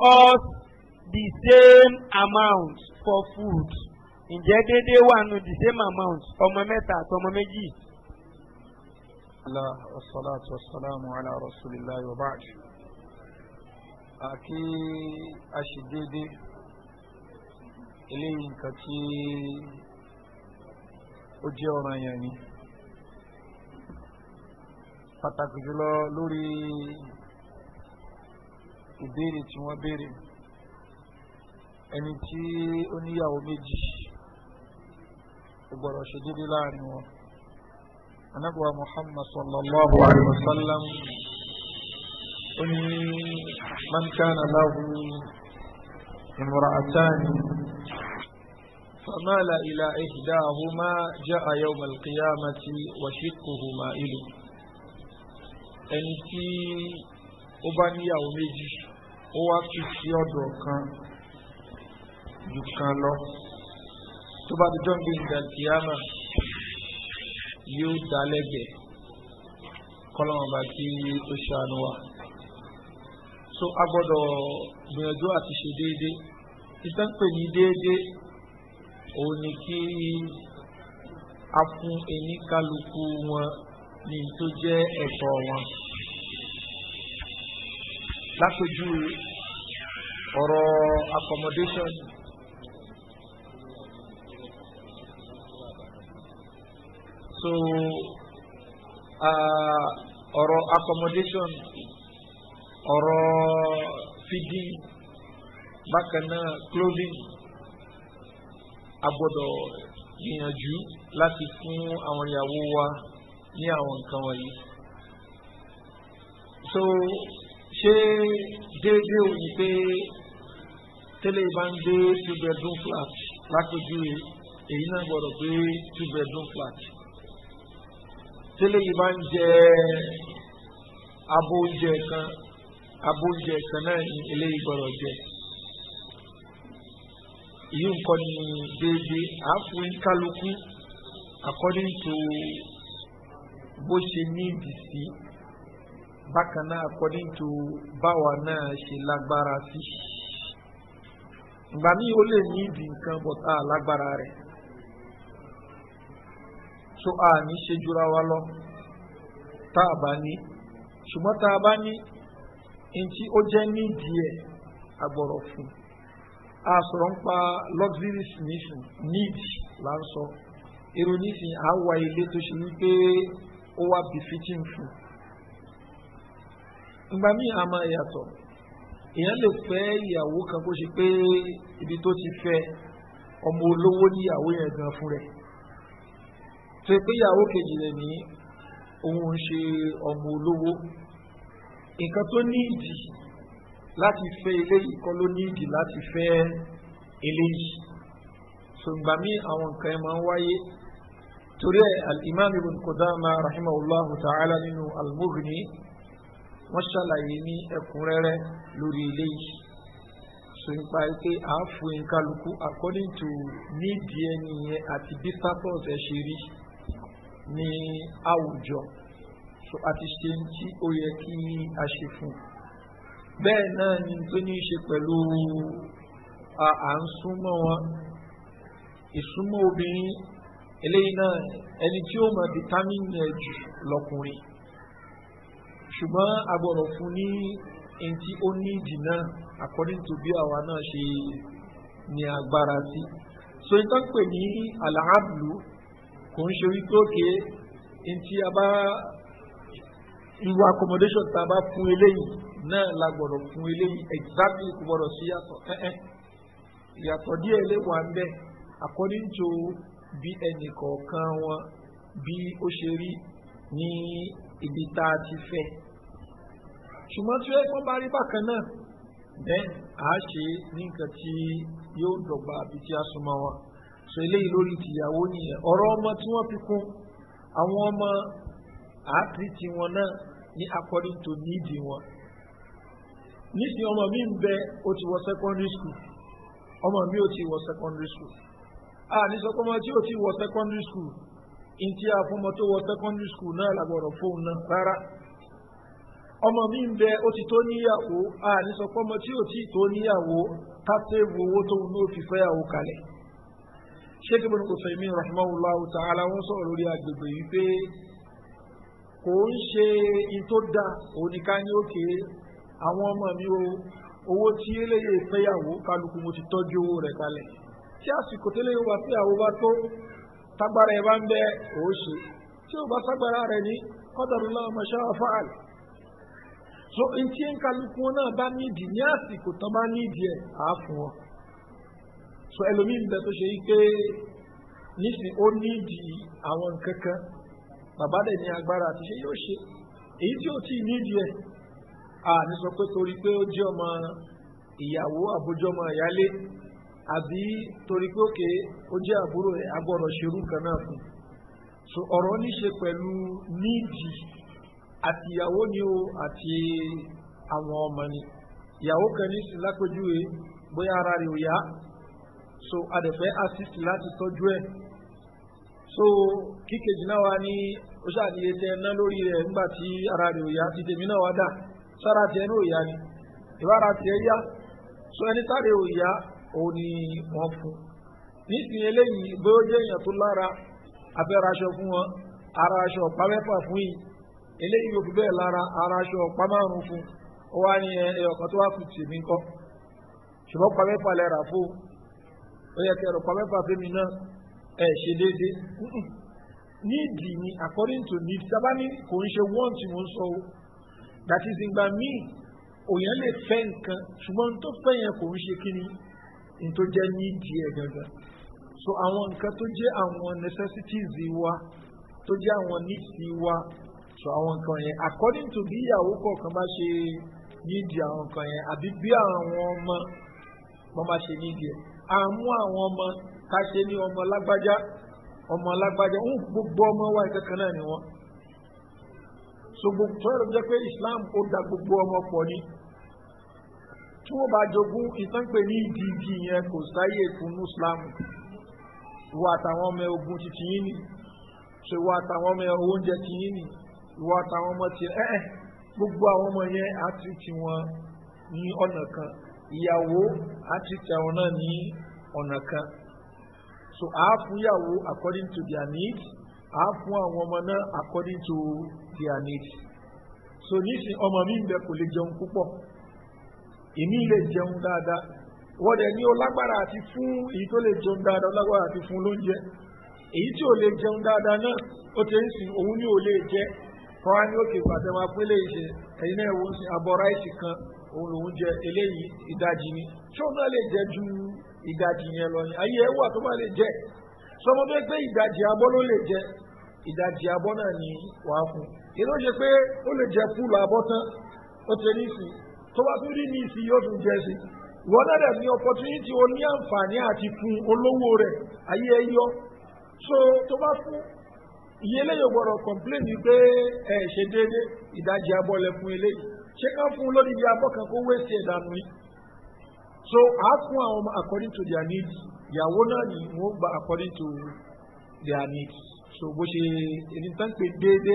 us the same amount for food ǹjẹ́ déédéé wà nù the same amount ọmọ mẹ́ta àti ọmọ méjì. Allah wasalaatu wasalaamu ala rasulillah wa baad. Àkí aṣèdédé eléyìí nǹkan tí ó jẹ́ ọ̀ràn yẹn ni. Pàtàkì jùlọ lórí ìbéèrè tí wọ́n béèrè ẹni tí ó níyàwó méjì ó gbọ́dọ̀ ṣe dédé láàrin wọn anábùwà muhammad sallallahu alayhi wa sallam ó ní man kana lahu imra'atani فمال إلى إحداهما جاء يوم القيامة وشقهما إليه ẹni tí ó bá níyàwó méjì ó wá fi sí ọ̀dọ̀ kan jù kan lọ tó bá ti jọ́ ń gbé ìdàkíyàmà yóò dá lẹ́gbẹ̀ẹ́ kọ́lọ́mọba tí ó ṣàánú wa so a gbọ́dọ̀ gbìyànjú àti ṣe déédéé ìtànpè ní déédéé òun ni kí a fún ẹni kálukú wọn ní tó jẹ́ ẹ̀tọ́ wọn lápẹjù ọ̀rọ̀ accommodation so ọ̀rọ̀ uh, accommodation ọ̀rọ̀ feeding bákan náà clothing agbọ́dọ̀ gbìyànjú láti fún àwọn ìyàwó wa ní àwọn nǹkan wọ̀nyí so ṣé déédéé ò ní pé tẹ́lẹ̀ bá ń gbé two bedroom flat lápèjúwe èyí náà gbọ́dọ̀ gbé two bedroom flat tẹ́lẹ̀ yìí bá ń jẹ abóúnjẹ kan abóúnjẹ kan náà ní eléyìí gbọ́dọ̀ jẹ yìí nǹkan ní déédéé àáfin kálukú according to bó ṣe ní ìdìsí bákan náà according to báwa náà ṣe lágbára sí ìgbà míì ó lè ní ìdì nǹkan bọ̀ tá a lágbára rẹ̀ so a ní ṣe jura wa lọ tá a bá ní ṣùgbọ́n tá a bá ní ntí ó jẹ́ nídìí ẹ̀ agbọ̀rọ̀ fún a sọ̀rọ̀ ń pa luxuries nísìn need là ń sọ èrò nísìn àá wa ilé tó ṣe wípé ó wà bí fitting fún un ìgbà míì a máa yàtọ̀ èèyàn lè fẹ́ ìyàwó kan kó ṣe pé ibi tó ti fẹ́ ọmọ olówó níyàwó yẹn gan fún rẹ̀ tó pé ìyàwó kejì rẹ̀ ní òun ń ṣe ọmọ olówó nǹkan tó ní ìdí láti fẹ́ eléyìí kọ́ ló ní ìdí láti fẹ́ eléyìí ṣùgbà mí àwọn nǹkan ẹ̀ máa ń wáyé torí ẹ̀ al-imam ibn rahimahullah ta'ala nínú al wọ́n ṣàlàyé ní ẹ̀kúnrẹ́rẹ́ lórí ilé yìí so nípa pé a fún ìkálukú according to nídìí ẹni yẹn àti bí status ẹ ṣe rí ní àwùjọ so àti ṣe tí ó yẹ kí a ṣe fún bẹ́ẹ̀ náà ni tó ní í ṣe pẹ̀lú à ń súnmọ́ wọn ìsúnmọ́ obìnrin eléyìí náà ẹni tí ó mọ̀ determine ẹ̀ jù lọkùnrin ṣùgbọ́n a gbọ́dọ̀ fún ní ẹni ó ní ìdìnnà according to bí àwa náà ṣe ní agbára sí so ìtàn pè ní alahablu kò ń ṣe wípé òkè ẹni a bá irú accommodation tá a bá fún eléyìí náà la gbọ́dọ̀ fún eléyìí exactly kò gbọ́dọ̀ sí yàtọ̀ ẹ̀ẹ́ yàtọ̀ díẹ̀ lè wà ń bẹ̀ according to bí ẹnì kọ̀ọ̀kan wọn bí ó ṣe rí ní ibi tá a ti fẹ́ ṣùgbọ́n tí wọ́n bá rí bákan náà bẹ́ẹ̀ á ṣe ní nǹkan tí yóò dọ̀gba àbí tí a súnmọ́ wọn sọ eléyìí lórí tìyàwó nìyẹn ọ̀rọ̀ ọmọ tí wọ́n fi kún àwọn ọmọ àátrí tiwọn náà ní according to need wọn nísìnyí ọmọ mi ń bẹ ó ti wọ secondary school ọmọ mi ò ti wọ secondary school a ní sọ pé ọmọ tí ò ti wọ secondary school n tí a tó wọ secondary school náà làgbọ̀rọ̀ fóun náà rárá ọmọ mi ń bẹ ó ti tó níyàwó àní sọ pé ọmọ tí ò tí tó níyàwó kásẹ̀wò owó tó ń fi fẹ́yàwó kalẹ̀ sheikh ibn usaimin rahmanulahu ta'ala wọn sọ̀rọ̀ lórí agbègbè yìí pé kò ń ṣe in tó da òníká ní òkè àwọn ọmọ mi o owó tí eléyè fẹ́yàwó kálukú mo ti tọ́jú owó rẹ̀ kalẹ̀ tí àsìkò tẹ́lẹ̀ wá sí àwọn bá tó tágbára ẹ̀ bá ń bẹ òó tí ò bá ságbára rẹ̀ ní kọ́dọ̀rọ̀ so ntí nkàlùkù wọn náà bá nídìí ní àsìkò tán bá nídìí ẹ̀ á fún so ẹlòmíín bẹ tó ṣe yí pé nísìn ó nídìí àwọn nǹkan bàbá dẹ̀ ní agbára àti ṣe yóò ṣe èyí tí ó ti nídìí ẹ̀ à ní sọ pé torí pé ó jẹ́ ọmọ ìyàwó ìyálé àbí torí pé òkè ó àbúrò so ọ̀rọ̀ ní ṣe pẹ̀lú àti ìyàwó ni o àti àwọn ọmọ ni ìyàwó kan ní sí lápẹjúwe bóyá ara rẹ̀ ò yá so adẹ̀fẹ́ assist láti tọ́jú ẹ̀ so kíkejì náà wá ní ó ṣàdíyẹ tẹ ẹ ná lórí rẹ̀ nígbà tí ara rẹ̀ ò yá ti tèmi náà wá dà sára tiẹ̀ ní òyà ni ìbára tiẹ̀ yá so ẹni sáré ò yá òun ni wọ́n fún nísìnyí eléyìí bóyá ó jẹ́ èèyàn tó lára abẹ́raṣọ fún wọn ara aṣọ ọ̀pá mẹ́fà fún yìí eléyìí yóò fi bẹ́ẹ̀ lára ara aṣọ ọ̀pá márùn-ún fún ó wá ní eh, ẹyọkan tó wá kù tì kọ́ ṣùgbọ́n pa mẹ́fà lẹ́ra fún ó yẹ kẹrọ pa mẹ́fà fẹ́mi náà ẹ̀ ṣe déédéé níìdì ni according to need sábà ní kò ń ṣe wọ́n tí mo ń sọ o that is ìgbà míì òyìn lè fẹ́ nǹkan ṣùgbọ́n tó fẹ́ yẹn kò ń ṣe kí ni n tó jẹ́ níìdì ẹ̀ gangan so àwọn nǹkan tó jẹ́ àwọn necessities wa tó jẹ́ àwọn needs wa so àwọn nǹkan yẹn according to bí ìyàwó kọ̀ọ̀kan bá ṣe nídìí àwọn nǹkan yẹn àbí bí àwọn ọmọ wọn bá ṣe nídìí ẹ̀ àmú àwọn ọmọ ká ṣe ní ọmọ lágbájá ọmọ lágbájá ń gbogbo ọmọ wa kankan náà ni wọn so gbogbo tó yẹ pé islam ó da gbogbo ọmọ pọ̀ ni tí wọ́n bá jogún ìtànpẹ̀ ní ìdíjì yẹn kò sáyè fún islam wọ àtàwọn ọmọ ogun ti tìyín ni ṣe wọ àtàwọn ọmọ oúnjẹ tìyín ni ìwọ àtàwọn ọmọ tiẹ̀ ẹ́ ẹ́ gbogbo àwọn ọmọ yẹn á ti ti wọn ní ọ̀nà kan ìyàwó á ti ti àwọn náà ní ọ̀nà kan so á fún ìyàwó according to their needs á fún àwọn ọmọ náà according to their needs so nísìnyí ọmọ mi ń bẹ kò lè jẹun púpọ̀ èmi lè jẹun dáadáa wọ́n dẹ̀ ní o lágbára àti fún èyí tó lè jẹun dáadáa lágbára àti fún lóúnjẹ èyí tí ò lè jẹun dáadáa náà ó ti ń sìn òun ní ò lè jẹ kọ́wá ní òkè pàtẹ́ máa pín lè ṣe ẹ̀yin náà wọ́n sin abọ́ ráìsì kan òun lòún jẹ eléyìí ìdajì ni ṣé òun náà lè jẹ ju ìdajì yẹn lọ ni ayé ẹ wà tó bá lè jẹ sọmọ bẹ pé ìdajì abọ́ ló lè jẹ ìdajì abọ́ náà ni wàá fún ìlú ṣe pé ó lè jẹ fúlù abọ́ tán ó ti ní ìsìn tó bá tún rí ní ìsìn yóò tún jẹ sí ìwọ náà dẹ̀ ní opportunity o ní àǹfààní àti fún olówó rẹ̀ ayé ẹ yọ so tó bá fún ìyẹn eléyìí gbọ́dọ̀ kọ̀m̀pléènì pé ẹ ṣe déédé ìdajì abọ́lẹ̀ fún eléyìí ṣé kán fún lórí ibi kan kó wéṣì ẹ̀dànù yìí so a fún àwọn ọmọ according to their needs ìyàwó náà ni wọ́n gba according to their needs so bó ṣe ẹni tán pé déédé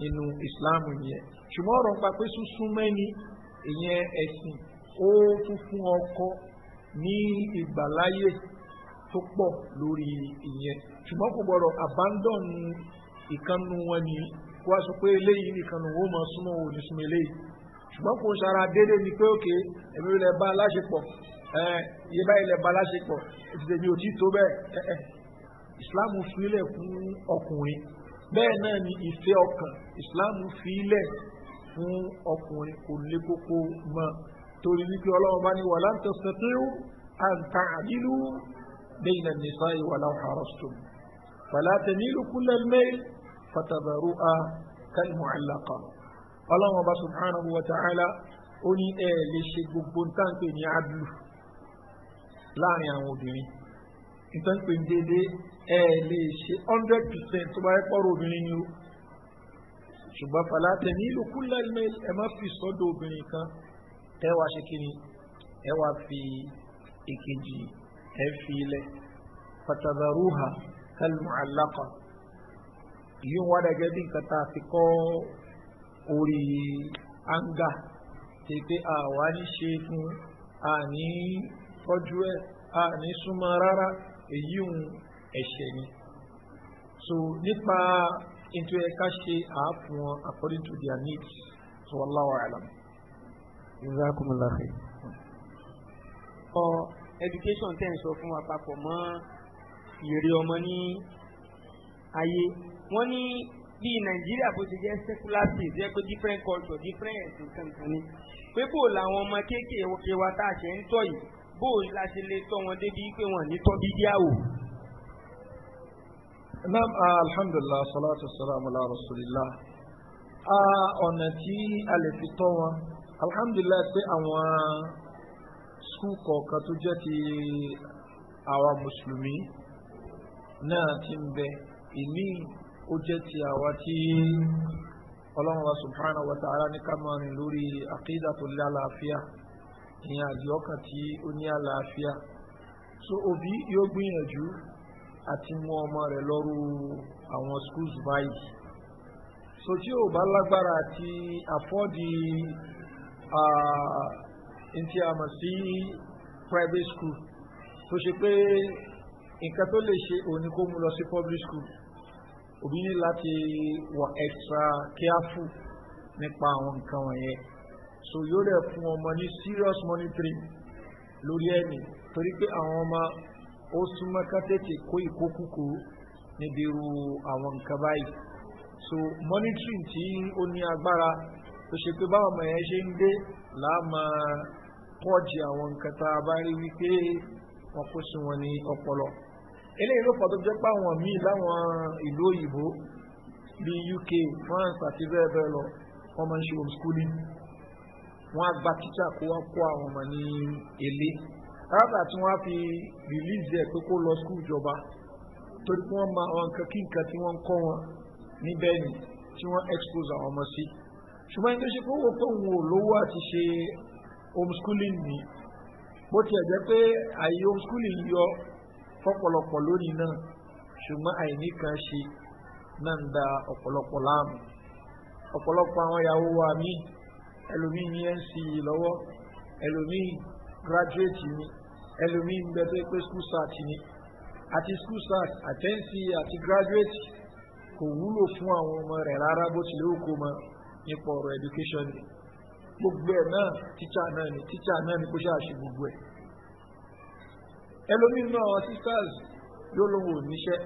nínú islam yẹn ṣùgbọ́n ọ̀rọ̀ nípa pé súnsún mẹ́ni ìyẹn ẹ̀sìn ó tún fún ọkọ ní ìgbàláyè tó pọ̀ lórí ìyẹn ṣùgbọ́n kò gbọ́dọ̀ abandon ìkànnù wọn ni kó a sọ pé eléyìí nìkànnù wọn máa súnmọ́ òní súnmọ́ eléyìí ṣùgbọ́n kò sara déédéé ni pé òkè èmi ò lè ba aláṣepọ̀ ẹ yé báyìí lè ba aláṣepọ̀ ètùtù èmi ò tí tó bẹ́ẹ̀ ẹ ẹ islam filẹ̀ fún ọkùnrin bẹ́ẹ̀ náà ni ìfẹ́ ọkàn islam filẹ̀ fún ọkùnrin kò lè kókó mọ́ torí wípé ọlọ́run bá ní wàhálà ń tẹ̀sán àǹtà àdílù بين النساء ولو حرصتم فلا تميلوا كل الميل فتذروء كالمعلقة الله سبحانه وتعالى أني إيه لشيكوكبون تانكين يعدلوا لا يعودني ìtàn pé ń dédé ẹ lè ṣe hundred percent tó bá yẹ pọ̀rọ̀ obìnrin ni o ṣùgbọ́n falátẹ̀ nílùú kúlẹ̀ ẹ má fi sọ́dọ̀ obìnrin kan ẹ wá ṣe kí ni ẹ wá fi èkejì yìí ẹ fi ilẹ̀ fatadaruha kálù alákọ̀ yíò wá dàgẹ́ bí nǹkan tá a fi kọ́ orí anga ṣe pé àwa ní ṣe fún àní tọ́jú ẹ̀ àní súnmọ́ rárá èyí ń ẹ̀ṣẹ̀ ni so nípa ètò ẹ̀ka ṣe àáfún according to their needs so wallahu alam. jazakumullahu khair education tẹ̀ ń sọ fún wa papọ̀ mọ́ ìrè ọmọ ní ayé wọ́n ní bí nàìjíríà bó ti jẹ́ secular state jẹ́ pé different culture different ẹ̀sìn kankan ni pé bó làwọn ọmọ kéékèèké wa tá a ṣe ń tọ́ yìí bó la ṣe lè tọ́ wọn débi pé wọ́n ní tọ́ bídíà wò. naam alhamdulilah salatu salam ala rasulillah ọ̀nà tí a lè fi tọ́ wọn alhamdulilah pé àwọn skul kọ̀ọ̀kan tó jẹ́ ti àwa mùsùlùmí náà ti ń bẹ ìní ó jẹ́ ti àwa tí ọlọ́run wa subhanahu wa ta'ala ní ká máa rìn lórí àkídà tó lé àlàáfíà ìyẹn àdìọ́kàn tí ó ní àlàáfíà so òbí yóò gbìyànjú àti mú ọmọ rẹ̀ lọ́rù àwọn schools báyìí so tí ò bá lágbára àti àfọ́dì ntí a mọ̀ sí private school tó ṣe pé nǹkan tó lè ṣe òní kó mú lọ sí public school òbí ní láti wà extra careful nípa àwọn nǹkan wọ̀nyẹn so yóò rẹ̀ fún ọmọ ní serious monitoring lórí ẹ̀mí torí pé àwọn ọmọ ó súnmọ́ ká tètè kó ìkókúkó níbi irú àwọn nǹkan báyìí so monitoring tí ó ní agbára tó ṣe pé báwọn ọmọ yẹn ṣe ń gbé láàmú pọ́ọ̀jì àwọn nǹkan tá a bá rí wípé wọn kó sí wọn ní ọpọlọ eléyìí ló fọ jẹ́ pé àwọn míì láwọn ìlú òyìnbó bíi uk france àti bẹ́ẹ̀ bẹ́ẹ̀ lọ wọ́n máa ń ṣe homeschooling wọ́n á gba títà kó wá kó àwọn ọmọ ní èlé rárá tí wọ́n á fi release ẹ̀ pé kó lọ skul ìjọba torí pé wọ́n máa àwọn nǹkan kí nǹkan tí wọ́n ń kọ́ wọn níbẹ̀ ni tí wọ́n expose àwọn ọmọ sí ṣùgbọ́n ẹni tó ṣe pé òun ò lówó àti ṣe homeschooling ni bó tiẹ̀ jẹ́ pé àyè homeschooling yọ fọ́pọ̀lọpọ̀ lónìí náà ṣùgbọ́n àìní kan ṣe náà ń da ọ̀pọ̀lọpọ̀ láàmú ọ̀pọ̀lọpọ̀ àwọn ìyàwó wa mí ẹlòmíì ní nc e lọ́wọ́ ẹlòmíì graduate ni ẹlòmíì ń bẹ tó pé school start ni àti school start àtẹ́ǹsì e àti graduate kò wúlò fún àwọn ọmọ rẹ̀ rárá bó tilẹ̀ òkú mọ́ nípa ọ̀rọ̀ education ni gbogbo ẹ̀ náà tíṣà náà ni tíṣà náà ni kó ṣáà ṣe gbogbo ẹ̀ ẹlòmíín náà sisters yóò lóun ò níṣẹ́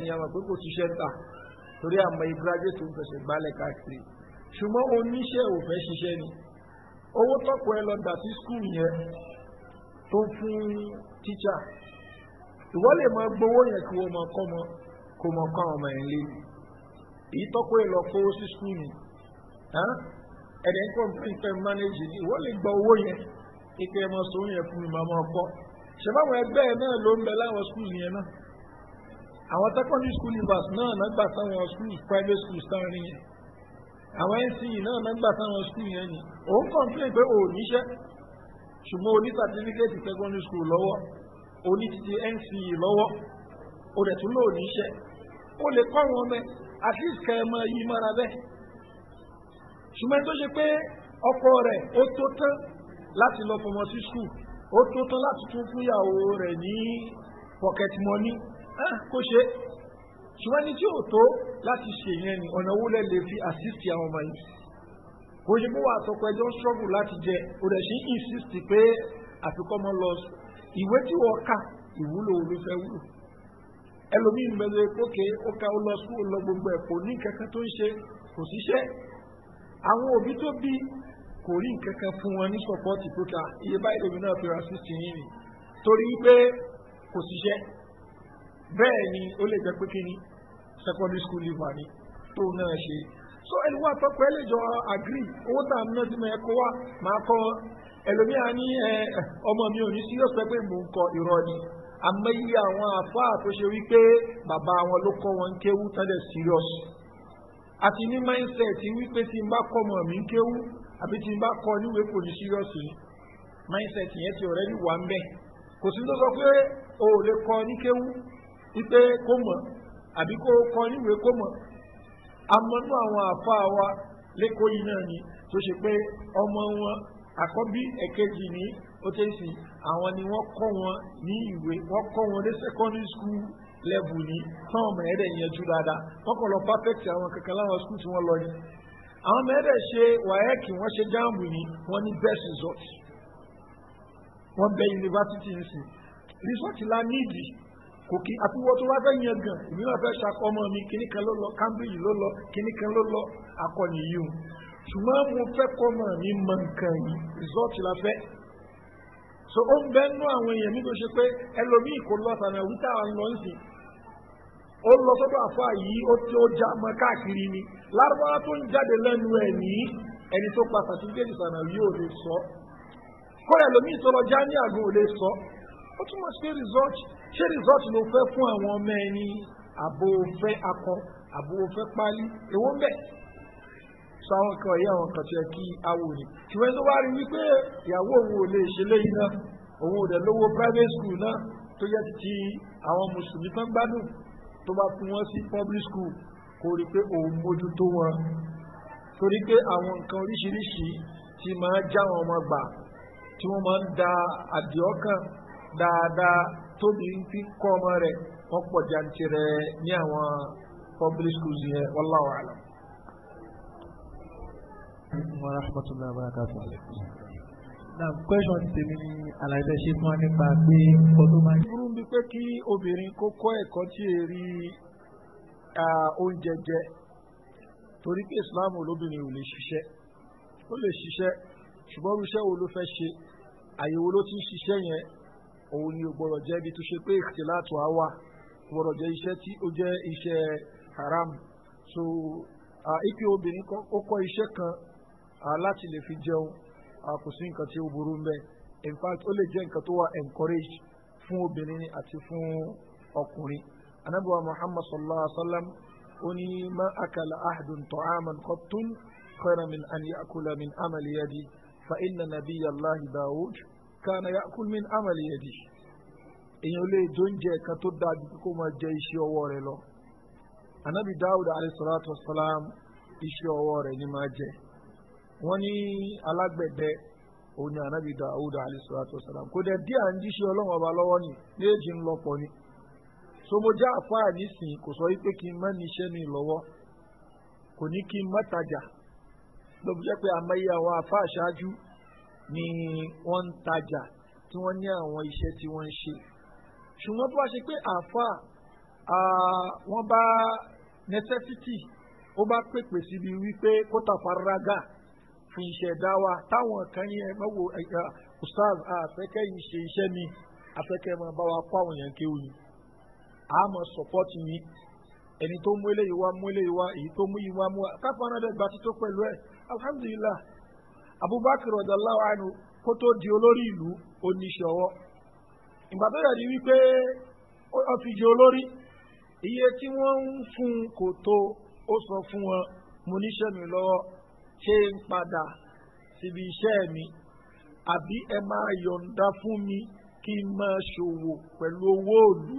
ni àwọn pé kò ṣiṣẹ́ ta torí àmọ́ ibrahim tó ń fẹsẹ̀ gbálẹ̀ káàkiri ṣùgbọ́n oníṣẹ́ ò fẹ́ ṣiṣẹ́ ni owó tọ́pọ̀ ẹ lọ dà sí skul yẹn tó fún tíṣà ìwọ́ lè máa gbowó yẹn kí wọ́n máa kọ́ mọ kó máa kọ́ àwọn ọmọ yẹn lé èyí tọ́pọ̀ ẹ lọ kó sí skul yẹn ẹ̀dẹ̀ ń kọ́ fún ìfẹ́ mánéjì ni wọ́n lè gba owó yẹn kíkẹ́ ẹ máa sòun yẹn fún mi máa máa kọ́ ṣèbáwọn ẹgbẹ́ ẹ náà ló ń bẹ láwọn skul yẹn náà àwọn secondary school universe náà nàgbà táwọn skul private school sáà ní yẹn àwọn nce náà nàgbà táwọn skul yẹn ni òun kàn fún ìpè òun níṣẹ́ ṣùgbọ́n oní certificate secondary school lọ́wọ́ oní titi nce lọ́wọ́ o dẹ̀ tún lóò níṣẹ́ o lè kọ́ wọn bẹ́ẹ̀ at least kẹ́ ẹ máa yí mára bẹ́ẹ̀ ṣùgbọ́n tó ṣe pé ọkọ rẹ̀ ó tó tán láti lọ fọmọ sí skul ó tó tán láti tún fún ìyàwó rẹ̀ ní pocket money kó ṣe ṣùgbọ́n ní tí ò tó láti ṣe yẹn ni ọ̀nà owó lẹ̀ fi assist àwọn ọmọ yìí kò ṣe pé wàá tọpọ ẹjọ́ struggle láti jẹ ó rẹ̀ ṣe insist pé àfikọ́ mọ́ lọ ìwé tí wọ́n kà ìwúlò ló fẹ́ wúlò ẹlòmíín bẹ̀rẹ̀ pókè ó ká ó lọ skul lọ gbogbo ẹ̀kọ́ ní kankan tó ń ṣe kò síṣẹ́ àwọn òbí tó bí kò rí nǹkan kan fún wọn ní sọpọ́ọ̀tì tó ta iye báyìí lèmi náà fi ra sísìn yìí nì torí pé kò ṣiṣẹ́ bẹ́ẹ̀ ni ó lè jẹ́ pé kí ni secondary school leaver ni tó náà ṣe so ẹni wá tọpọ ẹ lè jọ agree owó tá a ná sí mi ẹ kó wá máa kọ ẹlòmíà ní ọmọ mi ò ní sí yóò pé mò ń kọ ìrọ ni àmọ́ iye àwọn àfáà tó ṣe wípé bàbá wọn ló kọ́ wọn kéwú tán dẹ̀ serious àti ní mindset wípé tí n bá kọ́ ọmọ mi ń kéwú àbí tí n bá kọ́ níwèé kò ní sírọ́ọ̀sì mindset yẹn ti ọ̀rẹ́ ní wà ń bẹ̀ kò sí tó sọ pé o ò lè kọ́ ní kéwú wípé kó mọ̀ àbí kó kọ́ níwèé kó mọ̀ amọ̀nú àwọn àfa wa lẹ́kọ̀ọ́ yìí náà ni tó ṣe pé ọmọ wọn àkọ́bí ẹ̀kejì ní ó tẹ̀sí àwọn ni wọ́n kọ́ wọn ní ìwé wọ́n kọ́ wọn ní secondary school lẹ́bù ni fáwọn ọmọ ẹ̀rẹ́ ìyẹnjú dáadáa kọ́kọ́ lọ pápẹ́tì àwọn kankan láwọn skul tí wọ́n lọ ni àwọn ọmọ ẹ̀rẹ́ ṣe wàhẹ́ẹ̀kì wọ́n ṣe jáàmù ni wọ́n ní best result wọ́n bẹ yunifásitì ń sìn result la níìdì kò kí àtiwọ́ tó wá fẹ́ yẹn gan èmi náà fẹ́ ṣàkọ́mọ mi kíní kan ló lọ cambridge ló lọ kíní kan ló lọ akọni yìí o ṣùgbọ́n mo fẹ́ kọ́mọ mi mọ nǹkan yìí result la fẹ́ so ó ń bẹ́ẹ̀ nú àwọn èèyàn mi tó ṣe pé ẹlòmíì kò lọ sànà wíta à ń lọ ń sìn ó lọ sọ́dọ̀ àfa yìí ó tí ó já mọ́ káàkiri ni lárúbáwá tó ń jáde lẹ́nu ẹ̀ ní ẹni tó pa sàtífíkẹ́tì sànàwí ò lè sọ kọ́lẹ̀ lómi ìtọ́lọ já ní àgọ́ ò lè sọ ó túmọ̀ sí resort ṣé resort ló fẹ́ fún àwọn ọmọ ẹni àbò fẹ́ akọ àbò fẹ́ pálí èwo ń bẹ̀ sáwọn kan yìí àwọn kan ti kí awo ni ṣùgbọ́n tó wá rí wípé ìyàwó òun ò lè ṣe léyìn náà òun ò dẹ̀ lówó private school náà tó yẹ ti àwọn mùsùlùmí tán gbádùn tó bá fún wọn sí public school kó rí pé òun mójútó wọn torí pé àwọn nǹkan oríṣiríṣi ti máa já wọn ọmọ gbà tí wọ́n máa ń da àdìọ́kàn dáadáa tóbi fi kọ́ ọmọ rẹ̀ wọ́n pọ̀ jantirẹ ní àwọn public schools yẹn wọ́láwàá. Wa rahmatullahi wa barakatuh na question ti tèmi ni àlàyé ṣe fún wa nípa pé nǹkan tó máa ń. burú bíi pé kí obìnrin kó kọ́ ẹ̀kọ́ tí ì rí oúnjẹ jẹ torí pé islam olóbìnrin ò lè ṣiṣẹ́ ó lè ṣiṣẹ́ ṣùgbọ́n irúṣẹ́ wo ló fẹ́ ṣe àyèwò ló ti ń ṣiṣẹ́ yẹn òun ni gbọ́dọ̀ jẹ́ ibi tó ṣe pé ìtìláàtò á wà gbọ́dọ̀ jẹ́ iṣẹ́ tí ó jẹ́ iṣẹ́ haram so ipe obìnrin kọ́kọ́ iṣẹ́ kan láti lè fi jẹun kò sí nǹkan tí ó burú ń bẹ in fact ó lè jẹ́ nǹkan tó wà encourage fún obìnrin àti fún ọkùnrin anabiwa muhammad sallallahu alaihi wa sallam ó ní ma akala ahadun ta'aman qattun khayran min an ya'kula min amali yadi fa inna nabiyya allahi daud kana ya'kul min amali yadi èèyàn lè dóúnjẹ kan tó dáa ju kó máa jẹ iṣẹ́ ọwọ́ rẹ lọ anabi daud alayhi salatu wa salam iṣẹ́ ọwọ́ rẹ ni máa jẹ wọ́n ní alágbẹ̀dẹ òun ni anabi dawud alayisalaatu wasalaam kò dẹ̀ díà ń díṣe ọlọ́run ọba lọ́wọ́ ni méjì ń lọ́pọ̀ ni so mo já àfáà nísìnyí kò sọ wípé kí n má níṣẹ́ ní ìlọ́wọ́ kò ní kí n má tajà ló jẹ́ pé àmọ́yé àwọn àfáà ṣáájú ni wọ́n ń tajà tí wọ́n ní àwọn iṣẹ́ tí wọ́n ń ṣe ṣùgbọ́n bá ṣe pé àfáà wọ́n bá necessity ó bá pèpè síbi wípé kó tàfà rágà fi iṣẹ́ dá wa táwọn kan ní ẹ mọ́wò ẹ̀ka ustaz àfẹ́kẹ́ yìí ṣe iṣẹ́ mi afẹ́kẹ́ máa bá wa kó àwọn èèyàn kéwù ni a máa sọ̀pọ́tì yín ẹni tó mú eléyìí wá mú eléyìí wá èyí tó mú yìí wá mú wa káfọ́n náà dẹ̀ gba tító pẹ̀lú ẹ̀ alhamdulilah abubakar ọ̀dàláwà ẹnu kó tó di olórí ìlú oníṣọwọ́ ìgbà tó yàrá wípé ó fi olórí iye tí wọ́n ń fún kò tó ó sọ fún wọn mo níṣẹ́ mi lọ́wọ́ ṣé n padà síbi iṣẹ́ mi àbí ẹ máa yọ̀ǹda fún mi kí n máa ṣòwò pẹ̀lú owó òlu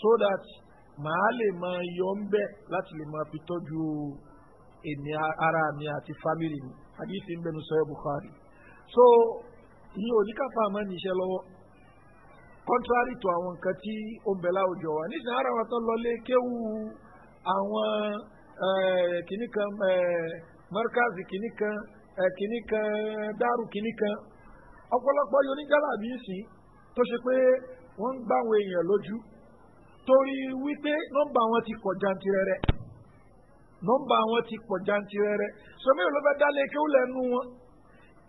so that màá lè máa yọ ń bẹ̀ láti lè máa fi tọ́jú èmi ara mi àti fámìlì mi àdìsí ń bẹnu sọ́yọ́ buhari so ìyẹn oníkàfà máa ń níṣẹ́ lọ́wọ́ contrary to àwọn nǹkan tí ó ń bẹ láwùjọ wa nísìnyí ara wa tán lọ lé kéwu àwọn. Eh, kìíní kan eh, mọ́ríkàsì kìíní kan eh, kìíní kan dárú kìíní sí tó ṣe pé wọ́n ń gbà àwọn èèyàn lójú torí wípé nọ́mbà wọn ti pọ̀ jantirẹrẹ nọ́mbà wọn ti pọ̀ jantirẹrẹ sọmi ò ló ó wọn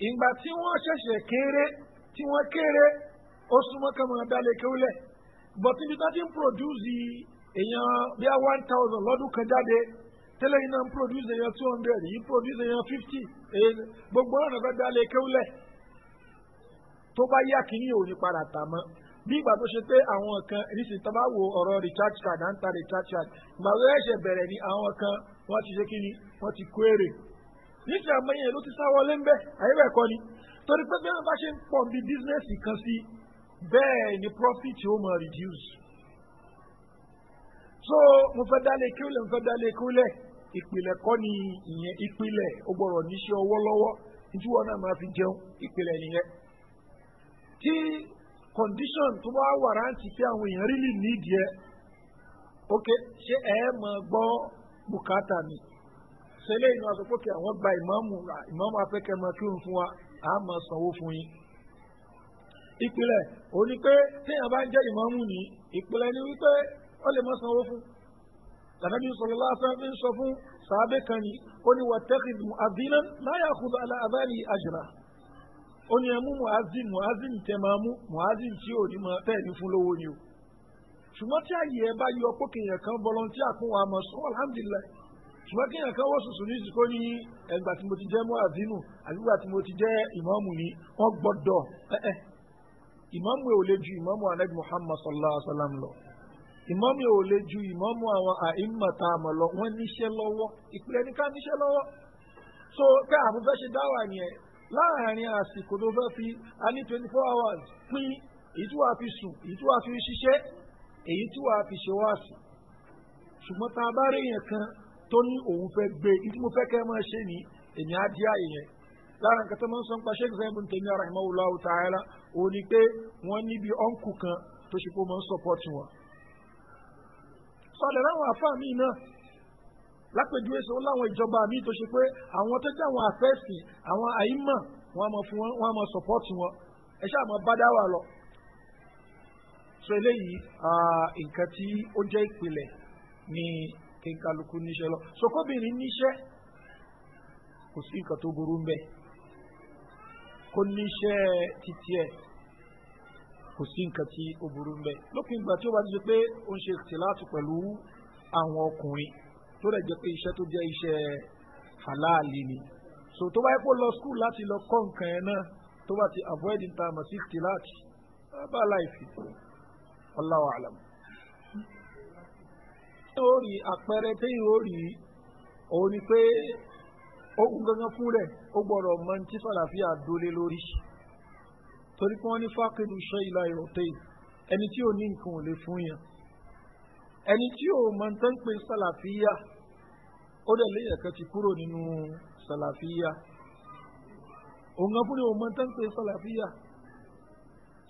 ìgbà tí wọ́n ṣẹ̀ṣẹ̀ kéré tí kéré ó súnmọ́ one thousand kan jáde tẹ́lẹ̀ iná ń produce èèyàn two hundred yìí produce èèyàn fifty èèyàn gbogbo ọ̀nà fẹ́ dalẹ̀ kéwúlẹ̀ tó bá yá kínní òní padà tà mọ́ bí ìgbà tó ṣe pé àwọn kan nísìnyí tó bá wo ọ̀rọ̀ recharge card à ń ta recharge card ìgbà tó ẹ̀ṣẹ̀ bẹ̀rẹ̀ ni àwọn kan wọ́n ti ṣe kí ni wọ́n ti kó èrè níṣẹ́ àmọ́yìn ẹ̀ ló ti sáwọlé ń bẹ́ àyẹ̀wẹ̀ kọ́ ni torí pé bí wọ́n bá ṣe ń pọ̀ bí bísínẹ́sì kan sí bẹ́ẹ̀ ni profit ó mọ̀ reduce so mo fẹ́ dálé kíúlẹ̀ mo fẹ́ dálé kíúlẹ̀ ìpìlẹ̀ kọ́ ni ìyẹn ìpìlẹ̀ ó gbọ́dọ̀ níṣẹ́ ọwọ́ lọ́wọ́ nítorí wọn náà máa fi jẹun ìpìlẹ̀ nìyẹn. tí condition tó bá wà rántí pé àwọn èèyàn rílì nídìí ẹ ok ṣé ẹ mọ̀ gbọ́ bùkátà mi sẹ́lẹ̀ inú aṣọ pé kí àwọn gba ìmọ̀ọ́mù ìmọ̀ọ́mù afẹ́kẹ́ máa kírun fún wa á máa sanwó fún yín ìpìlẹ̀ òní pé téèyàn bá ń jẹ́ ìmọ̀ọ́mù ní ìpìlẹ̀ ni wípé ó lè máa sanwó fún un lànàbí sọlọ́lá afẹ́fẹ́ ń sọ fún sàábẹ́ kan ni ó ní wà tẹ́kìdì mu'azina láyà kúlọ̀ aláàbáyé àjìrà ó ní ẹmú mu'azin mu'azin tẹ máa mú mu'azin tí ò ní máa tẹ́ẹ̀ ní fún lówó ni o ṣùgbọ́n tí àyè ẹ bá yọ pókèèyàn kan bọ́lọ́ntì àkún wa mọ̀ sọ alhamdulilayi ṣùgbọ́n kéèyàn kan wọ́n sùsù ní ìsìnkú ní ẹgbà tí mo ti jẹ́ mu'azinu àdúgbà tí mo ti jẹ́ ìmọ̀ọ́mù ni wọ́n gbọ́dọ̀ ẹ̀ẹ́ ìmọ̀ọ́mù ò le ju ìmọ̀ọ́mù anabi muhammad sallallahu alaihi wa sallam lọ ìmọ́mù ò lè ju ìmọ́mù àwọn àìmọ̀ta àmọ̀ lọ wọ́n níṣẹ́ lọ́wọ́ ìpìlẹ̀ ní ká níṣẹ́ lọ́wọ́ so ká àwọn fẹ́ ṣe dáwà yẹn láàrin àsìkò tó fẹ́ fi a ní twenty four hours pín èyí tí wàá fi sùn èyí tí wàá fi ṣiṣẹ́ èyí tí wàá fi ṣe wá sí ṣùgbọ́n tá a bá rí yẹn kan tó ní òun fẹ́ gbé ìdí mo fẹ́ kẹ́ máa ṣe ní èmi á dí àyè yẹn lára nǹkan tó máa ń sọ nípa sheikh zayn bin tèmi ara ìmọ̀ wùlọ́ àwùtá òun ni pé wọ́n níbi ọ̀nkù kan tó ṣe kó máa ń sọpọ́tì wọn sọdẹ láwọn àfa mi náà lápèjúwe sọ láwọn ìjọba mi tó ṣe pé àwọn tó jẹ àwọn àfẹsìn àwọn àyímọ wọn a máa fún wọn wọn a máa sọpọ́ọ̀tì wọn ẹ ṣáà máa bá dá wà lọ. sọ eléyìí nǹkan tí ó jẹ́ ìpìlẹ̀ ní kíkálukú níṣẹ́ lọ sọkọ́bìnrin níṣẹ́ kò sí nǹkan tó burú ń bẹ̀ kó níṣẹ́ títí ẹ̀ kò sí nǹkan tí ó burú ń bẹ lópin ìgbà tí ó bá ti ṣe pé ó ń ṣe tìláàtì pẹ̀lú àwọn ọkùnrin tó rẹ̀ jẹ́ pé iṣẹ́ tó jẹ́ iṣẹ́ fàláàlì ni so tó bá yẹ kó lọ skul láti lọ kọ́ nǹkan ẹ̀ náà tó bá ti avoid nta àmọ́ sí tìláàtì bá láìfi ọláwà àlàm. ó rí àpẹẹrẹ téyìn ó rí òun ni pé ó ń gangan fún rẹ̀ ó gbọ́dọ̀ mọ ní tí fàlàfíà dólé lórí torí pé wọ́n ní fákìlù ṣe ìlà ìrọ̀tẹ́ ẹni tí ò ní nǹkan ò lè fún yàn ẹni tí ò máa ń tán pé sàlàfíà ó dẹ̀ lé ẹ̀ka ti kúrò nínú sàlàfíà òun gan fúnni ò máa ń tán pé sàlàfíà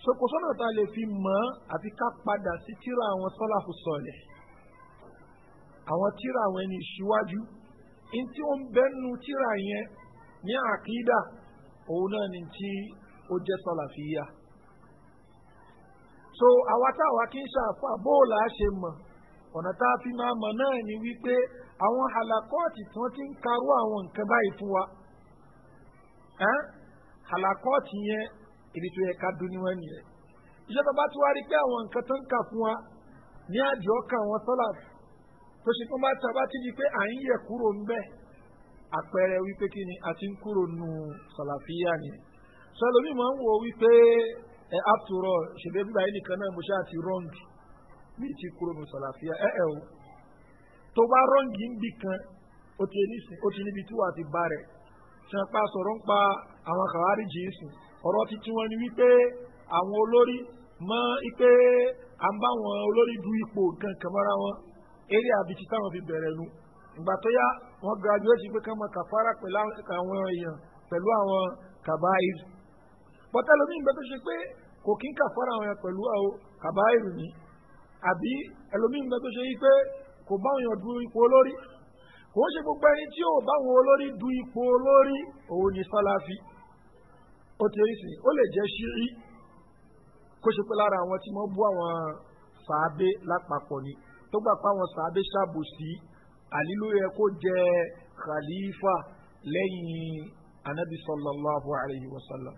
sokosọ́nà tá a lè fi mọ̀ ọ́ ká padà sí tíra àwọn sọ́làfù sọ̀lẹ̀ àwọn tíra àwọn ẹni ìṣíwájú ní tí ó ń bẹ́nu tíra yẹn ní àkídà òun náà ní tí ó jẹ́ sàlàfíà so àwa táwa kì í ṣàfà bóòlù á ṣe mọ̀ ọ̀nà tá a fi máa mọ̀ náà ni wípé àwọn halakọ́ọ̀tì tí wọ́n ti ń karú àwọn nǹkan báyìí fún wa halakọ́ọ̀tì yẹn èdè tó yẹ nìyẹn ìjọba bá tún wá rí pé àwọn nǹkan tó ń kà fún wa ní àjọ kan àwọn sọ́là tó ṣe fún bá ta bá ti di pé à ń yẹ kúrò ń bẹ́ẹ̀ àpẹẹrẹ wípé kí ni a ti ń kúrò nù sàlàfíà nìyẹn sọlọ́mí máa ń wo wípé ẹ àtúrọ̀ ṣèlè bíbá yìí nìkan náà mo ṣáà ti rọ́ǹgì mi ti kúrò mi sọ̀làfíà ẹ ẹ o tó bá rọ́ǹgì ń bì kan ó ti nísìn ó ti níbi tí wàá ti bá rẹ̀ sanpa sọ̀rọ̀ ń pa àwọn kàwárí jésù ọ̀rọ̀ ti tí wọ́n ní wípé àwọn olórí mọ́ ipe à ń bá wọn olórí du ipò nǹkan kan mọ́ra wọn eré àbìtì táwọn fi bẹ̀rẹ̀ nu ìgbà tó yá wọ́n graduate pé kán mọ kàfárà pẹ̀lú àwọn èèyàn pẹ̀lú àwọn kàbáyé bọ́tà lómi ìgbà tó ṣe pé kò kí ń kà fọ́ra àwọn yẹn pẹ̀lú àwọn kàbá èrò ni àbí ẹlòmíì ń bẹ tó ṣe yí pé kò bá òyìn du ipò olórí kò ń ṣe gbogbo ẹni tí ò bá òun olórí du ipò olórí òun ni sọláfi ó ti rí sí ó lè jẹ ṣírí kó ṣe pé lára àwọn tí wọn bú àwọn sàábé lápapọ̀ ni tó gbà pé àwọn sàábé ṣàbòsí àlílò yẹ kó jẹ khalifa lẹ́yìn anabi sallallahu alayhi wa sallam.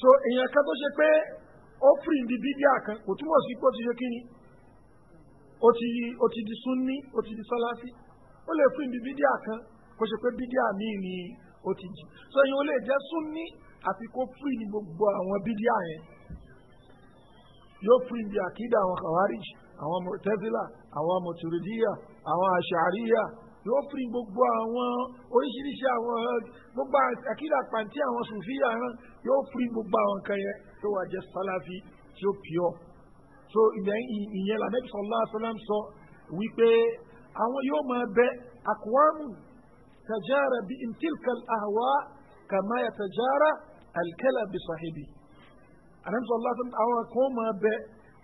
so èèyàn kan tó ṣe pé ó fìrì ní bíbíà kan kò túmọ̀ sí pé ó ti ṣe kí ni ó ti ó ti di súnni ó ti di sọláfí ó lè fìrì ní bíbíà kan kó ṣe pé bíbíà míì ni ó ti jì so èèyàn ó lè jẹ́ súnni àti kó fìrì ní gbogbo àwọn bíbíà yẹn yóò fìrì ní àkídà àwọn kàwárìjì àwọn mọ̀tẹ́sílà àwọn mọ̀tòrídíyà àwọn àṣàríyà yóò fi gbogbo àwọn oríṣiríṣi àwọn gbogbo àkídà pàǹtí àwọn sùfíà hàn yóò fi gbogbo àwọn nǹkan yẹn tó wà jẹ sálàfí tí ó pure so ìyẹn lànàbí sọlá sọlám sọ wípé àwọn yóò máa bẹ àkùwámù tajara bí ntilkal àwa kàmá yà tajara alikẹ́là bí sàhìbì ànàbí sọlá sọlám àwọn kan máa bẹ